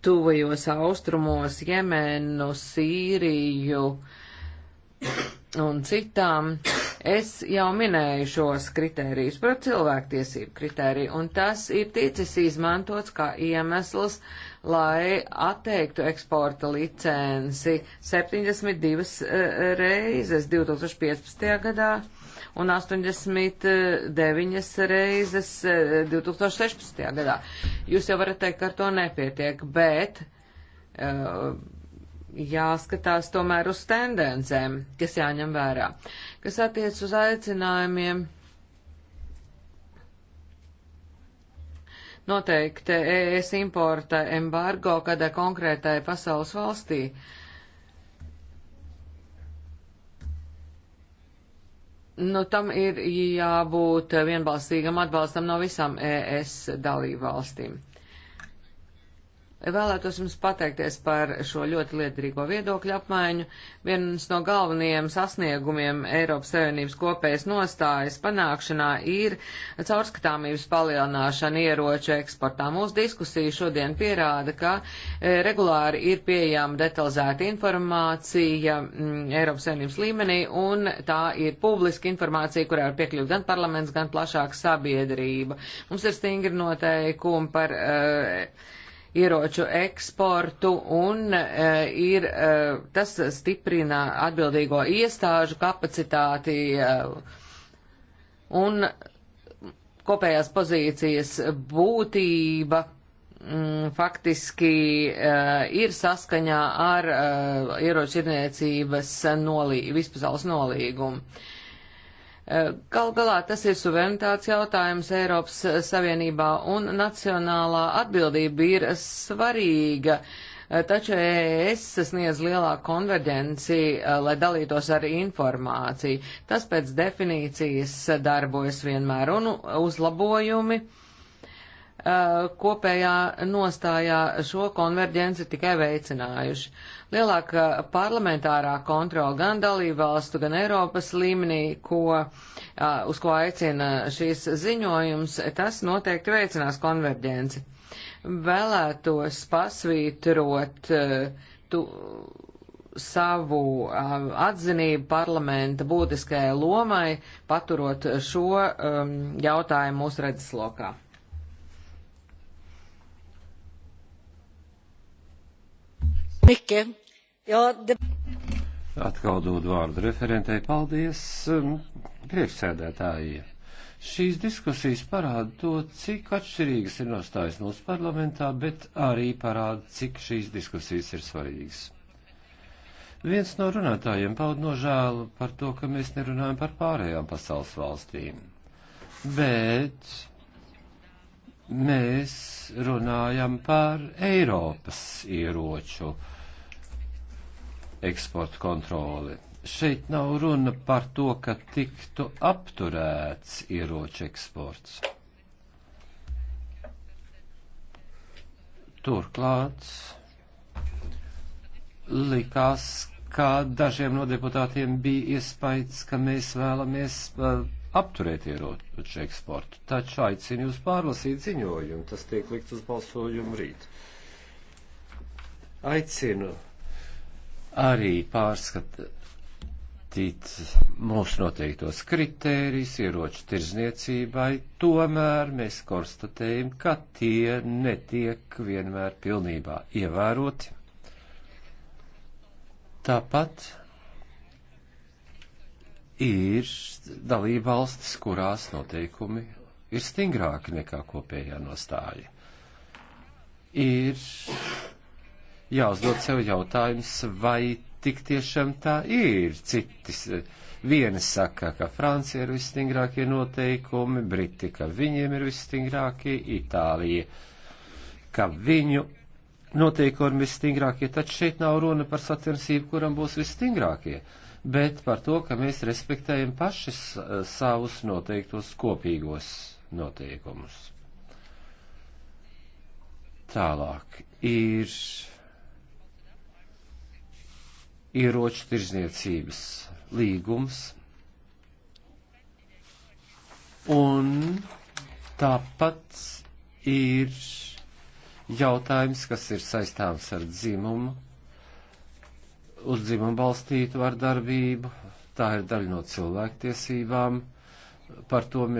tuvajos austrumos, Jemenu, Sīriju un citām. Es jau minēju šos kritērijus par cilvēktiesību kritēriju, un tas ir ticis izmantots kā iemesls, lai atteiktu eksporta licenci 72 eh, reizes 2015. gadā un 89 reizes 2016. Eh, gadā. Jūs jau varat teikt, ka ar to nepietiek, bet. Uh, jāskatās tomēr uz tendencēm, kas jāņem vērā, kas attiec uz aicinājumiem. Noteikti ES importa embargo kādai konkrētai pasaules valstī. Nu, tam ir jābūt vienbalstīgam atbalstam no visām ES dalību valstīm. Vēlētos jums pateikties par šo ļoti liederīgo viedokļu apmaiņu. Viens no galvenajiem sasniegumiem Eiropas Savienības kopējas nostājas panākšanā ir caurskatāmības palielināšana ieroču eksportā. Mūsu diskusija šodien pierāda, ka e, regulāri ir pieejama detalizēta informācija mm, Eiropas Savienības līmenī, un tā ir publiska informācija, kurā var piekļūt gan parlaments, gan plašāka sabiedrība. Mums ir stingri noteikumi par. Uh, ieroču eksportu un uh, ir, uh, tas stiprina atbildīgo iestāžu kapacitāti uh, un kopējās pozīcijas būtība mm, faktiski uh, ir saskaņā ar uh, ieroču irniecības nolī, vispasaules nolīgumu. Uh, Gal galā tas ir suverenitātes jautājums Eiropas Savienībā un nacionālā atbildība ir svarīga, taču ES sasniedz lielāku konverģenci, eh, lai dalītos ar informāciju. Tas pēc definīcijas darbojas vienmēr un uzlabojumi eh, kopējā nostājā šo konverģenci tikai veicinājuši lielāka parlamentārā kontrola gan dalībvalstu, gan Eiropas līmenī, ko, uz ko aicina šīs ziņojums, tas noteikti veicinās konverģenci. Vēlētos pasvītrot tu, savu atzinību parlamenta būtiskajai lomai, paturot šo um, jautājumu mūsu redzeslokā. Mikke. Jo, de... Atkal dod vārdu referentei. Paldies, um, priekšsēdētāji. Šīs diskusijas parāda to, cik atšķirīgas ir nostājas mūsu parlamentā, bet arī parāda, cik šīs diskusijas ir svarīgas. Viens no runātājiem pauda nožēlu par to, ka mēs nerunājam par pārējām pasaules valstīm. Bet mēs runājam par Eiropas ieroču eksporta kontroli. Šeit nav runa par to, ka tiktu apturēts ieroču eksports. Turklāt likās, ka dažiem no deputātiem bija iespējas, ka mēs vēlamies uh, apturēt ieroču eksportu. Taču aicinu jūs pārlasīt ziņojumu, tas tiek likt uz balsojumu rīt. Aicinu arī pārskatīt mūsu noteiktos kritērijus ieroču tirzniecībai, tomēr mēs konstatējam, ka tie netiek vienmēr pilnībā ievēroti. Tāpat ir dalībvalstis, kurās noteikumi ir stingrāki nekā kopējā nostāja. Ir jāuzdod sev jautājums, vai tik tiešām tā ir. Citis, viena saka, ka Francija ir visstingrākie noteikumi, Briti, ka viņiem ir visstingrākie, Itālija, ka viņu noteikumi visstingrākie, taču šeit nav runa par sacensību, kuram būs visstingrākie, bet par to, ka mēs respektējam paši savus noteiktos kopīgos noteikumus. Tālāk ir ieroču tirzniecības līgums. Un tāpat ir jautājums, kas ir saistāms ar dzimumu, uz dzimumu balstītu vardarbību, tā ir daļa no cilvēktiesībām, par to mēs.